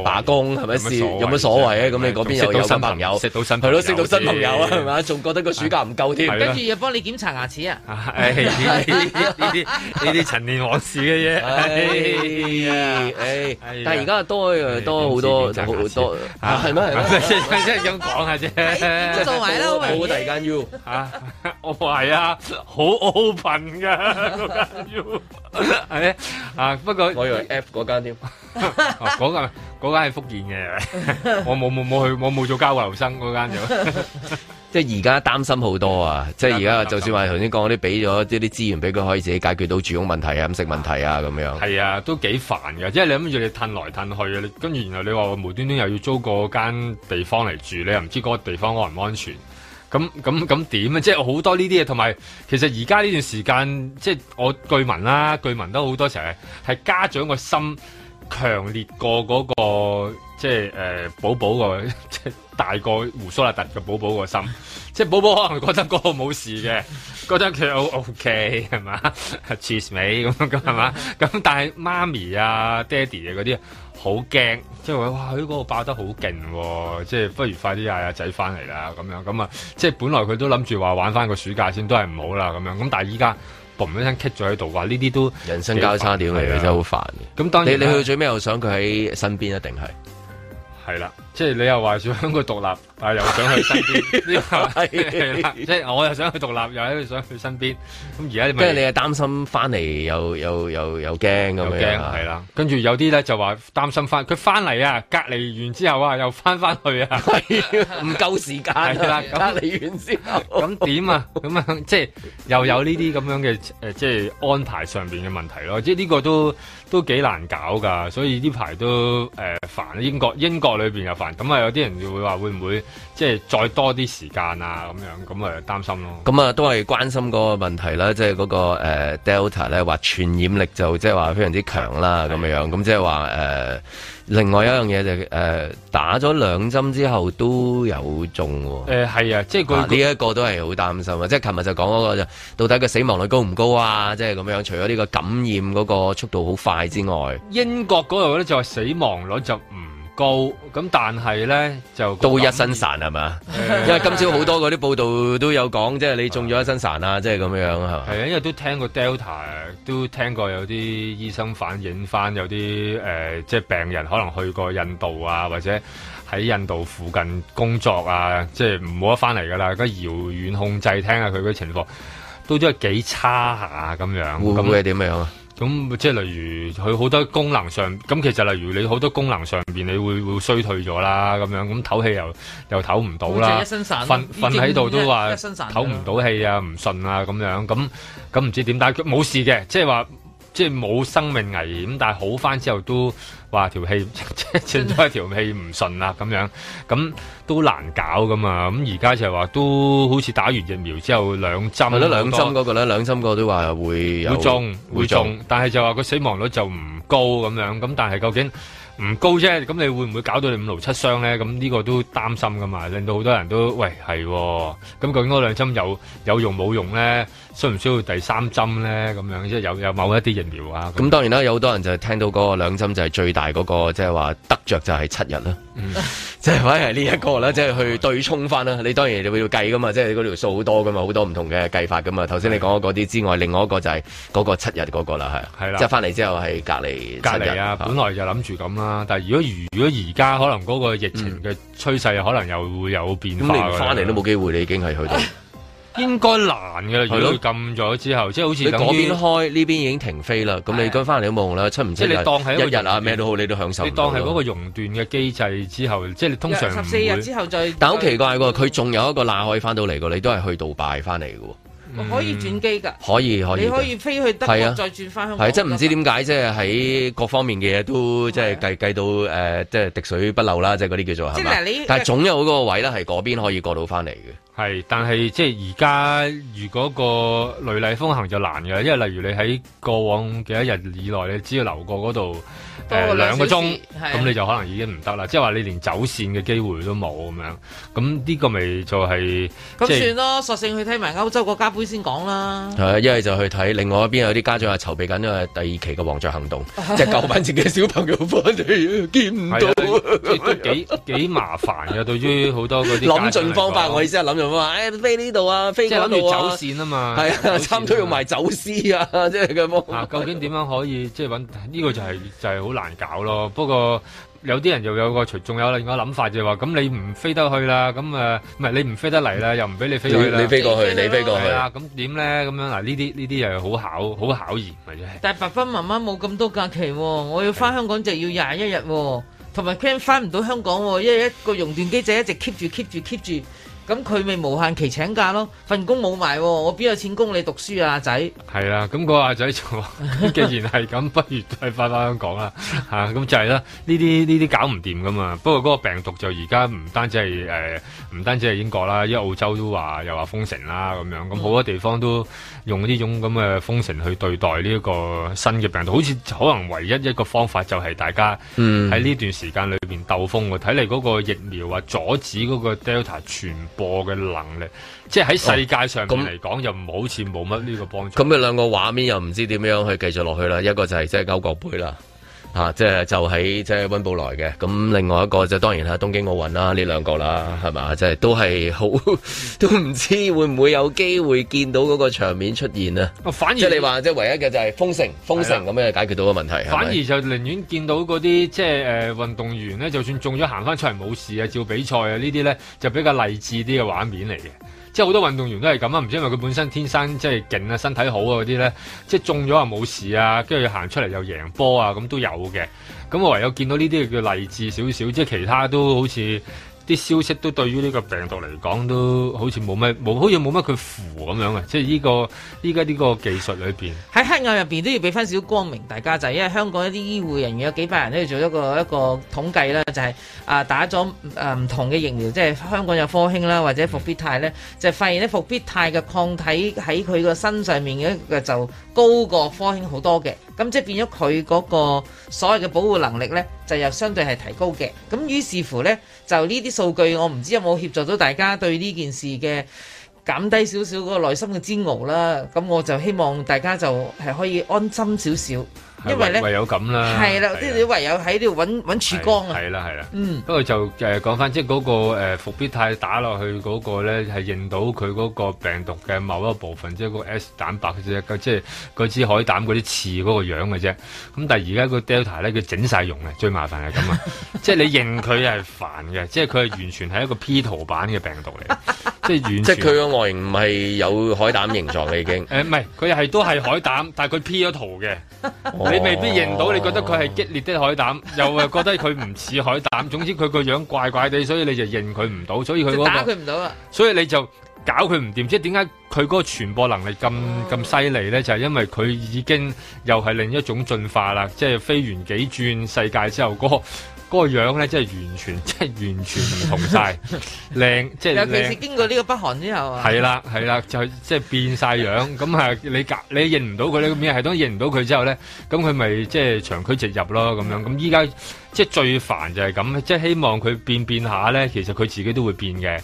罷工係咪有乜所，所謂啊？咁你嗰邊又有到新朋友？嗯、到新係咯，識到，到新朋友啊，係咪、啊？
仲覺得個暑假唔夠
添，跟住
又幫你檢查牙齒啊！呢啲
呢啲陳年往事嘅嘢 對 對。 但係而家多啊，多好多好多，係 咩？即係咁講下啫，做埋啦，我第間 U 嚇，我唔係啊。好 open 嘅，哎 啊！不過我以為 app 嗰間添，嗰間嗰間係福建嘅， 我冇冇冇去，我冇做交流生嗰間就，即係而
家擔心好多啊！即係而家，就算話頭先講啲，俾咗啲啲資源俾佢，可以自己解決到住屋問題啊、飲食問題啊咁樣。係
啊，都幾煩嘅，即係你諗住你褪來褪去啊，你跟住然後你話無端端又要租個間地方嚟住，你又唔知嗰個地方安唔安全。咁咁咁點啊？即係好多呢啲嘢，同埋其實而家呢段時間，即係我據聞啦，據聞都好多時候係家長個心強烈過嗰個即係誒、呃、寶寶個即係大過胡蘇啊特嘅寶寶個心。 即係寶寶可能覺得嗰個冇事嘅，覺得佢好 OK 係嘛，係 Cheers 咪咁樣係嘛，咁但係媽咪啊、爹哋啊嗰啲好驚，即係話哇佢嗰個爆得好勁喎，即係不如快啲嗌阿仔翻嚟啦咁樣咁啊！即係本來佢都諗住話玩翻個暑假先都係唔好啦咁樣，咁但係依家嘣一聲卡咗喺度，話呢啲都人生交叉點嚟嘅真係好
煩。咁當你你去最
尾又想佢喺身邊一定係係啦。即係你又話想佢獨立，但又想去
身邊
啦。 即係我又想去獨立，又喺想去身邊。咁而家即係你係擔心翻嚟又又又又驚咁樣係啦。跟住有啲咧就話擔心翻佢翻嚟啊，隔離完之後啊，又翻翻去啊，唔夠時間啦、啊啊，隔離完之後。咁點啊？咁啊，即係又有呢啲咁樣嘅、呃、即係安排上面嘅問題咯。即係呢個都都幾難搞㗎，所以呢排都誒煩、呃。英國英國裏面。又咁啊，有啲人會話會唔會即係再多啲時間啊？咁樣咁啊，擔心咯。
咁啊，都係關心個問題啦，即係嗰個誒、呃、Delta 咧，話傳染力就即係話非常之強啦，咁樣。咁即係話誒，另外一樣嘢就誒、是呃，打咗兩針之後都有中。
誒，係啊，即係呢一
個都係好擔心啊。即係琴日就講、是、嗰就、嗰個、到底個死亡率高唔高啊？即係咁樣。除咗呢個感染嗰個速度好快之外，
英國嗰度咧就係死亡率就唔。高咁，但係咧就都一身潺係嘛， 因為今朝好多嗰啲報道都有講，即係你中咗一身潺啊，即係咁樣樣係係啊，因為都聽過 Delta，都聽過有啲醫生反映翻，有啲誒、呃、即係病人可能去過印度啊，或者喺印度附近工作啊，即係唔好得翻嚟噶啦。而家遙遠控制，聽下佢嗰個情況，都都係幾差下、啊、咁樣，咁唔會點樣啊？咁即係例如佢好多功能上，咁其實例如你好多功能上邊你會會衰退咗啦，咁樣咁唞氣又又唞唔到啦，瞓瞓喺度都話唞唔到氣啊，唔順啊咁樣，咁咁唔知點解，冇事嘅，即係話。即係冇生命危險，但係好翻之後都話條氣，即係轉咗一條氣唔順啦咁樣，咁都難搞噶嘛，咁而家就係話都好似打完疫苗之後兩針。係咯，兩針嗰個咧，兩針個都話會會中會中，但係就話個死亡率就唔高咁樣。咁但係究竟唔高啫，咁你會唔會搞到你五勞七傷咧？咁呢個都擔心噶嘛，令到好多人都喂，係喎，咁究竟嗰兩針有有用冇用咧？需唔需要第三針咧？咁樣即係有有某一啲疫
苗啊？咁、嗯、當然啦，有好多人就聽到嗰個兩針就係最大嗰、那個，即係話得着就係七日啦。嗯，即、就、係、是、反係呢一個啦，即、哦、係、就是、去對沖翻啦。你當然你要計㗎嘛，即係嗰條數好多㗎嘛，好多唔同嘅計法㗎嘛。頭先你講嗰啲之外，另外一個就係嗰個七日嗰個啦，
係係啦。即係翻嚟之後
係隔離隔離啊！離啊本
來就諗住咁啦，但如果如果而家可能嗰個疫情嘅趨勢、嗯、可能又會有變化，咁、嗯、你翻嚟都
冇機會， 你已經係去到。
應該難嘅，如果佢撳咗之後，即係好似你嗰邊
開，呢邊已經停飛啦。咁你該翻嚟都冇用啦，出唔出得一,一日啊？咩都好，你都享受。你當係嗰個
熔斷嘅
機制之後，即係你通常十四日之後
再，再。但好奇
怪喎，佢、嗯、仲有一個罅可以翻到嚟嘅，你都係去杜拜翻嚟嘅
喎。可以轉機㗎，可以可以，你可以飛去德國再轉翻香港。係真唔知
點解，即係喺各方面嘅嘢都即係計計到、呃、即係滴
水不漏啦，即係嗰啲叫做係嘛？但係總有嗰個位啦，係嗰邊可以過到翻嚟嘅。係，但係即係而家如果個雷厲風行就難嘅，因為例如你喺過往幾多日以內，你只要留過嗰度兩個鐘，咁、呃、你就可能已經唔得啦。即係話你連走線嘅機會都冇咁樣。咁呢個咪就係、是、咁算咯，
索性去睇埋歐洲國家盃先講啦。係，
因為就去睇另外一邊有啲家長啊籌
備緊呢個第二期嘅黃雀行動，即係救翻自己小朋友翻嚟，見唔到，都幾
幾麻煩嘅。 對於好多嗰啲諗盡方法，我意思係諗話誒，
飛
呢度啊，飛嗰個啊,、就是、啊，走線
啊嘛，係啊，差唔多用埋走私啊，即係咁樣、啊。究竟點樣可以即係搵呢個就係、是、就係、是、好難搞咯。不過有啲人又有個除仲有另一個諗法、就是，就話咁你唔飛得去啦，咁誒，唔、啊、係你唔飛得嚟啦，又唔俾你飛你飛過去，你飛過去,飛過去啊，咁點咧？咁樣嗱，呢啲呢啲又係好考，好考驗嘅啫。
但係爸爸媽媽冇咁多假期，我要翻香港就要廿一日，同埋 plan 翻唔到香港，因為一一個熔斷機就一直 keep 住，keep 住，keep 住。咁佢咪無限期請假咯？份工冇埋，我邊有錢供你讀書啊？仔
係啦，咁、啊那個阿仔就話既然係咁， 不如都係翻返香港啦嚇。咁、啊、就係、是、啦，呢啲呢啲搞唔掂噶嘛。不過嗰個病毒就而家唔單止係唔、呃、單止係英國啦，因為澳洲都話又話封城啦咁樣，咁好多地方都用呢種咁嘅封城去對待呢一個新嘅病毒。好似可能唯一一個方法就係大家喺呢段時間裏面鬥風喎。睇嚟嗰個疫苗啊，阻止嗰個 Delta 傳播嘅能力，即係喺世界上嚟講，又、哦、唔、嗯、好似冇乜呢個幫助、嗯。咁你兩個畫面又唔知點樣去
繼續落去啦，一個就係即係歐國杯啦。啊，即係就喺即係溫布萊嘅，咁另外一個就當然係東京奧運啦，呢兩個啦，係嘛？即係都係好，都唔知會唔會有機會見到嗰個場面出現啊，反而係你話，即係唯一嘅就係封城，封城咁樣解決到個問題。反而
就寧願見到嗰啲即係誒運動員咧，就算中咗行翻出嚟冇事啊，照比賽啊呢啲咧，就比較勵志啲嘅畫面嚟嘅。即係好多運動員都係咁啊，唔知因為佢本身天生即係勁啊，身體好啊嗰啲咧，即係中咗啊冇事啊，跟住行出嚟又贏波啊，咁都有嘅。咁我唯有見到呢啲叫勵志少少，即係其他都好似。啲消息都對於呢個病毒嚟講，都好似冇乜冇，好似冇乜佢符咁樣嘅。即係呢、呢個依家呢個技術裏面，
喺黑暗入面都要俾翻少少光明，大家就係、是、因為香港一啲醫護人員有幾百人都要做咗個一個統計啦，就係、是、啊打咗唔、呃、同嘅疫苗，即係香港有科興啦，或者復必泰咧、嗯，就發現咧復必泰嘅抗體喺佢個身上面嘅就高過科興好多嘅。咁即係變咗佢嗰個所謂嘅保護能力咧，就又相對係提高嘅。咁於是乎咧。就呢啲數據，我唔知有冇協助到大家對呢件事嘅減低少少嗰個內心嘅煎熬啦。咁我就希望大家就係可以安心少少。
因為咧，係啦，
即係唯有喺呢度揾揾曙光啊！係啦，係啦，嗯。
不過就誒講返，即係、那、嗰個復、呃、必泰打落去嗰個咧，係認到佢嗰個病毒嘅某一部分，即係個 S 蛋白嘅啫，即係嗰支海膽嗰啲刺嗰個樣嘅啫。咁但係而家個 Delta 咧，佢整晒容嘅，最麻煩係咁啊！ 即係你認佢係煩嘅， 即係佢係完全係一個 P 圖版嘅病毒嚟， 即係完。即係佢
嘅外形唔係有海膽形狀嘅 已經。誒
唔係，佢係都係海膽，但係佢 P 咗圖嘅。
你未必認到，你覺得佢係
激烈的海膽，又話覺得佢唔似海膽。 總之佢個樣怪怪地，所以你就認佢唔到，所以佢、那個、打佢唔到啊！所以你就搞佢唔掂。即係點解佢嗰個傳播能力咁咁犀利呢？就係、是、因為佢已經又係另一種進化啦，即、就、係、是、飛完幾轉世界之後嗰，那個嗰、那個樣咧，真係完全，真係完全唔同晒。靚， 即係尤其是
經過呢個北韓之後啊，係啦，
係啦，就即係變晒樣。咁係你你認唔到佢呢個咩係都認唔到佢之後咧，咁佢咪即係長驅直入咯咁樣。咁依家即係最煩就係咁，即係希望佢變一變下咧，其實佢自己都會變嘅，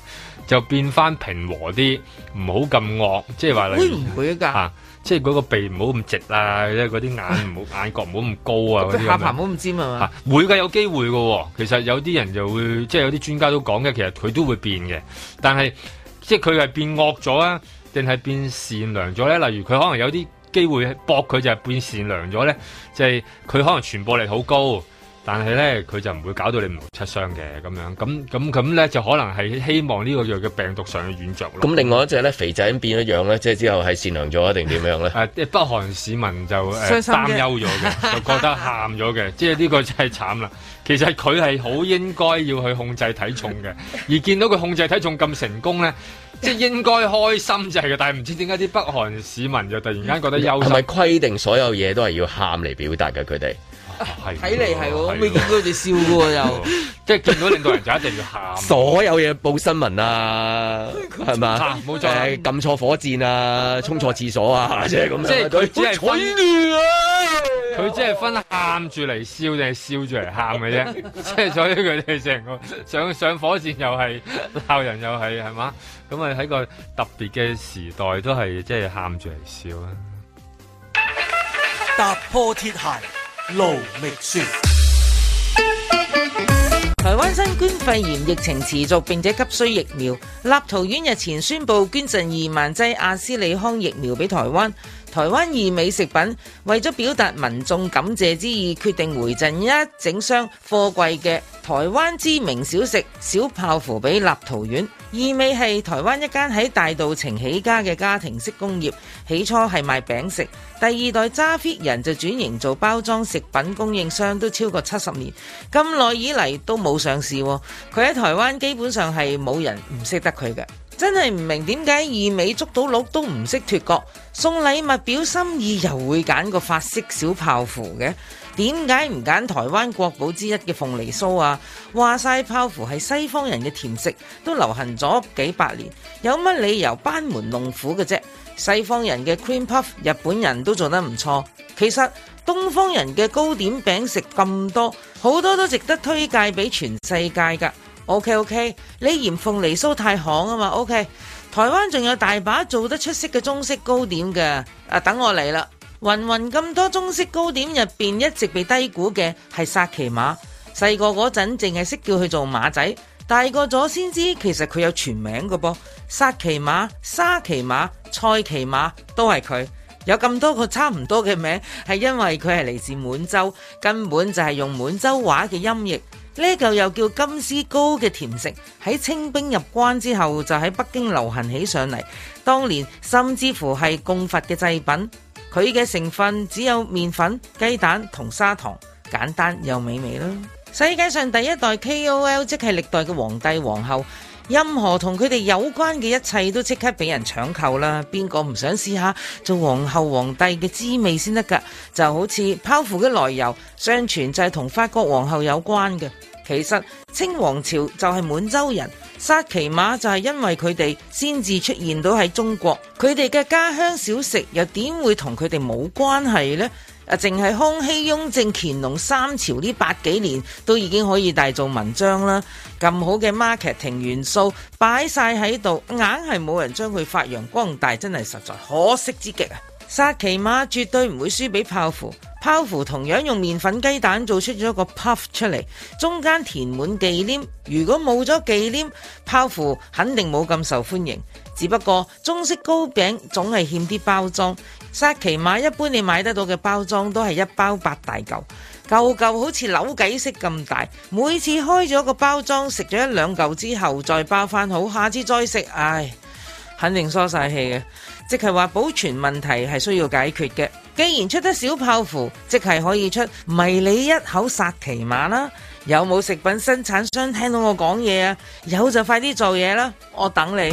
就變翻平和啲，唔好咁惡，即係話你。會唔會噶？啊即係嗰個鼻唔好咁直啦，即係嗰啲眼唔好 眼角唔好咁高啊， 下巴唔好
咁尖啊嘛，
會噶，有機會噶。其實有啲人就會，即係有啲專家都講嘅，其實佢都會變嘅。但係即係佢係變惡咗啊，定係變善良咗咧？例如佢可能有啲機會搏，佢就係變善良咗咧，即係佢可能傳播力好高。但係咧，佢就唔會搞到你唔出傷嘅咁樣，咁咁咁咧就可能係希望呢個藥嘅病毒上去軟著。咁另外一隻咧，肥仔變咗樣咧，即係之後係善良咗定點樣咧？誒、啊，北韓市民就擔憂咗嘅，就覺得喊咗嘅， 即係呢個真係慘啦。其實佢係好應該要去控制體重嘅，而見到佢控制體重咁成功咧， 即係應該開心就係嘅，但係唔知點解啲北韓市民就突然間覺得憂。係咪
規定所有嘢都係要喊嚟表達嘅？佢哋？
睇嚟係喎，未見、啊、到佢哋笑嘅喎又，就 即係見到領導人就一定要喊，
所有嘢報新聞啊，係 嘛？誒、啊、冇錯，係撳錯火箭啊，衝 錯廁所啊，就是、即係咁即係佢只係
分。佢 只係分喊住嚟笑定係笑住嚟喊嘅啫， 即係所以佢哋成個上上火箭又係鬧人又係係嘛？咁啊喺個特別嘅時代都係即係喊住嚟笑啊！
踏
破鐵鞋。勞力說，
台灣新冠肺炎疫情持續，並且急需疫苗。立陶宛日前宣布捐贈二萬劑阿斯利康疫苗俾台灣。台灣義美食品為咗表達民眾感謝之意，決定回贈一整箱貨櫃嘅台灣知名小食小泡芙俾立陶宛。二美係台灣一間喺大道程起家嘅家庭式工業，起初係賣餅食。第二代揸 fit 人就轉型做包裝食品供應商，都超過七十年咁耐以嚟都冇上市。佢喺台灣基本上係冇人唔識得佢嘅，真係唔明點解二美捉到鹿都唔識脫角，送禮物表心意又會揀個法式小泡芙嘅。點解唔揀台灣國寶之一嘅鳳梨酥啊？話晒泡芙係西方人嘅甜食，都流行咗幾百年，有乜理由班門弄斧嘅啫？西方人嘅 cream puff，日本人都做得唔錯。其實東方人嘅糕點餅食咁多，好多都值得推介俾全世界㗎。OK OK，你嫌鳳梨酥太行啊嘛？OK，台灣仲有大把做得出色嘅中式糕點嘅，啊等我嚟啦。雲芸咁多中式糕點入邊，一直被低估嘅係薩琪瑪。細個嗰陣淨係識叫佢做馬仔，大個咗先知其實佢有全名嘅噃。薩琪瑪、沙琪瑪、賽琪瑪都係佢。有咁多個差唔多嘅名，係因為佢係嚟自滿洲，根本就係用滿洲話嘅音譯。呢嚿又叫金絲糕嘅甜食，喺清兵入關之後就喺北京流行起上嚟，當年甚至乎係供佛嘅祭品。佢嘅成分只有麵粉、雞蛋同砂糖，簡單又美味啦！世界上第一代 KOL 即係歷代嘅皇帝皇后，任何同佢哋有關嘅一切都即刻俾人搶購啦！邊個唔想試下做皇后皇帝嘅滋味先得㗎？就好似泡芙嘅來由，相傳就係同法國皇后有關嘅。其實清王朝就係滿洲人，薩琪瑪就係因為佢哋先至出現到喺中國，佢哋嘅家鄉小食又點會同佢哋冇關係呢？啊，淨係康熙、雍正、乾隆三朝呢百幾年都已經可以大做文章啦！咁好嘅 marketing 元素擺晒喺度，硬係冇人將佢發揚光大，真係實在可惜之極啊！沙琪瑪絕對唔會輸俾泡芙，泡芙同樣用麵粉雞蛋做出咗個 puff 出嚟，中間填滿忌廉。如果冇咗忌廉，泡芙肯定冇咁受歡迎。只不過中式糕餅總係欠啲包裝，沙琪瑪一般你買得到嘅包裝都係一包八大舊，舊舊好似扭計式咁大。每次開咗個包裝，食咗一兩舊之後再包翻好，下次再食，唉，肯定疏晒氣嘅。即係話保存問題係需要解決嘅，既然出得小泡芙，即係可以出迷你一口薩其馬啦！有冇食品生產商聽到我講嘢啊？有就快啲做嘢啦，我等你。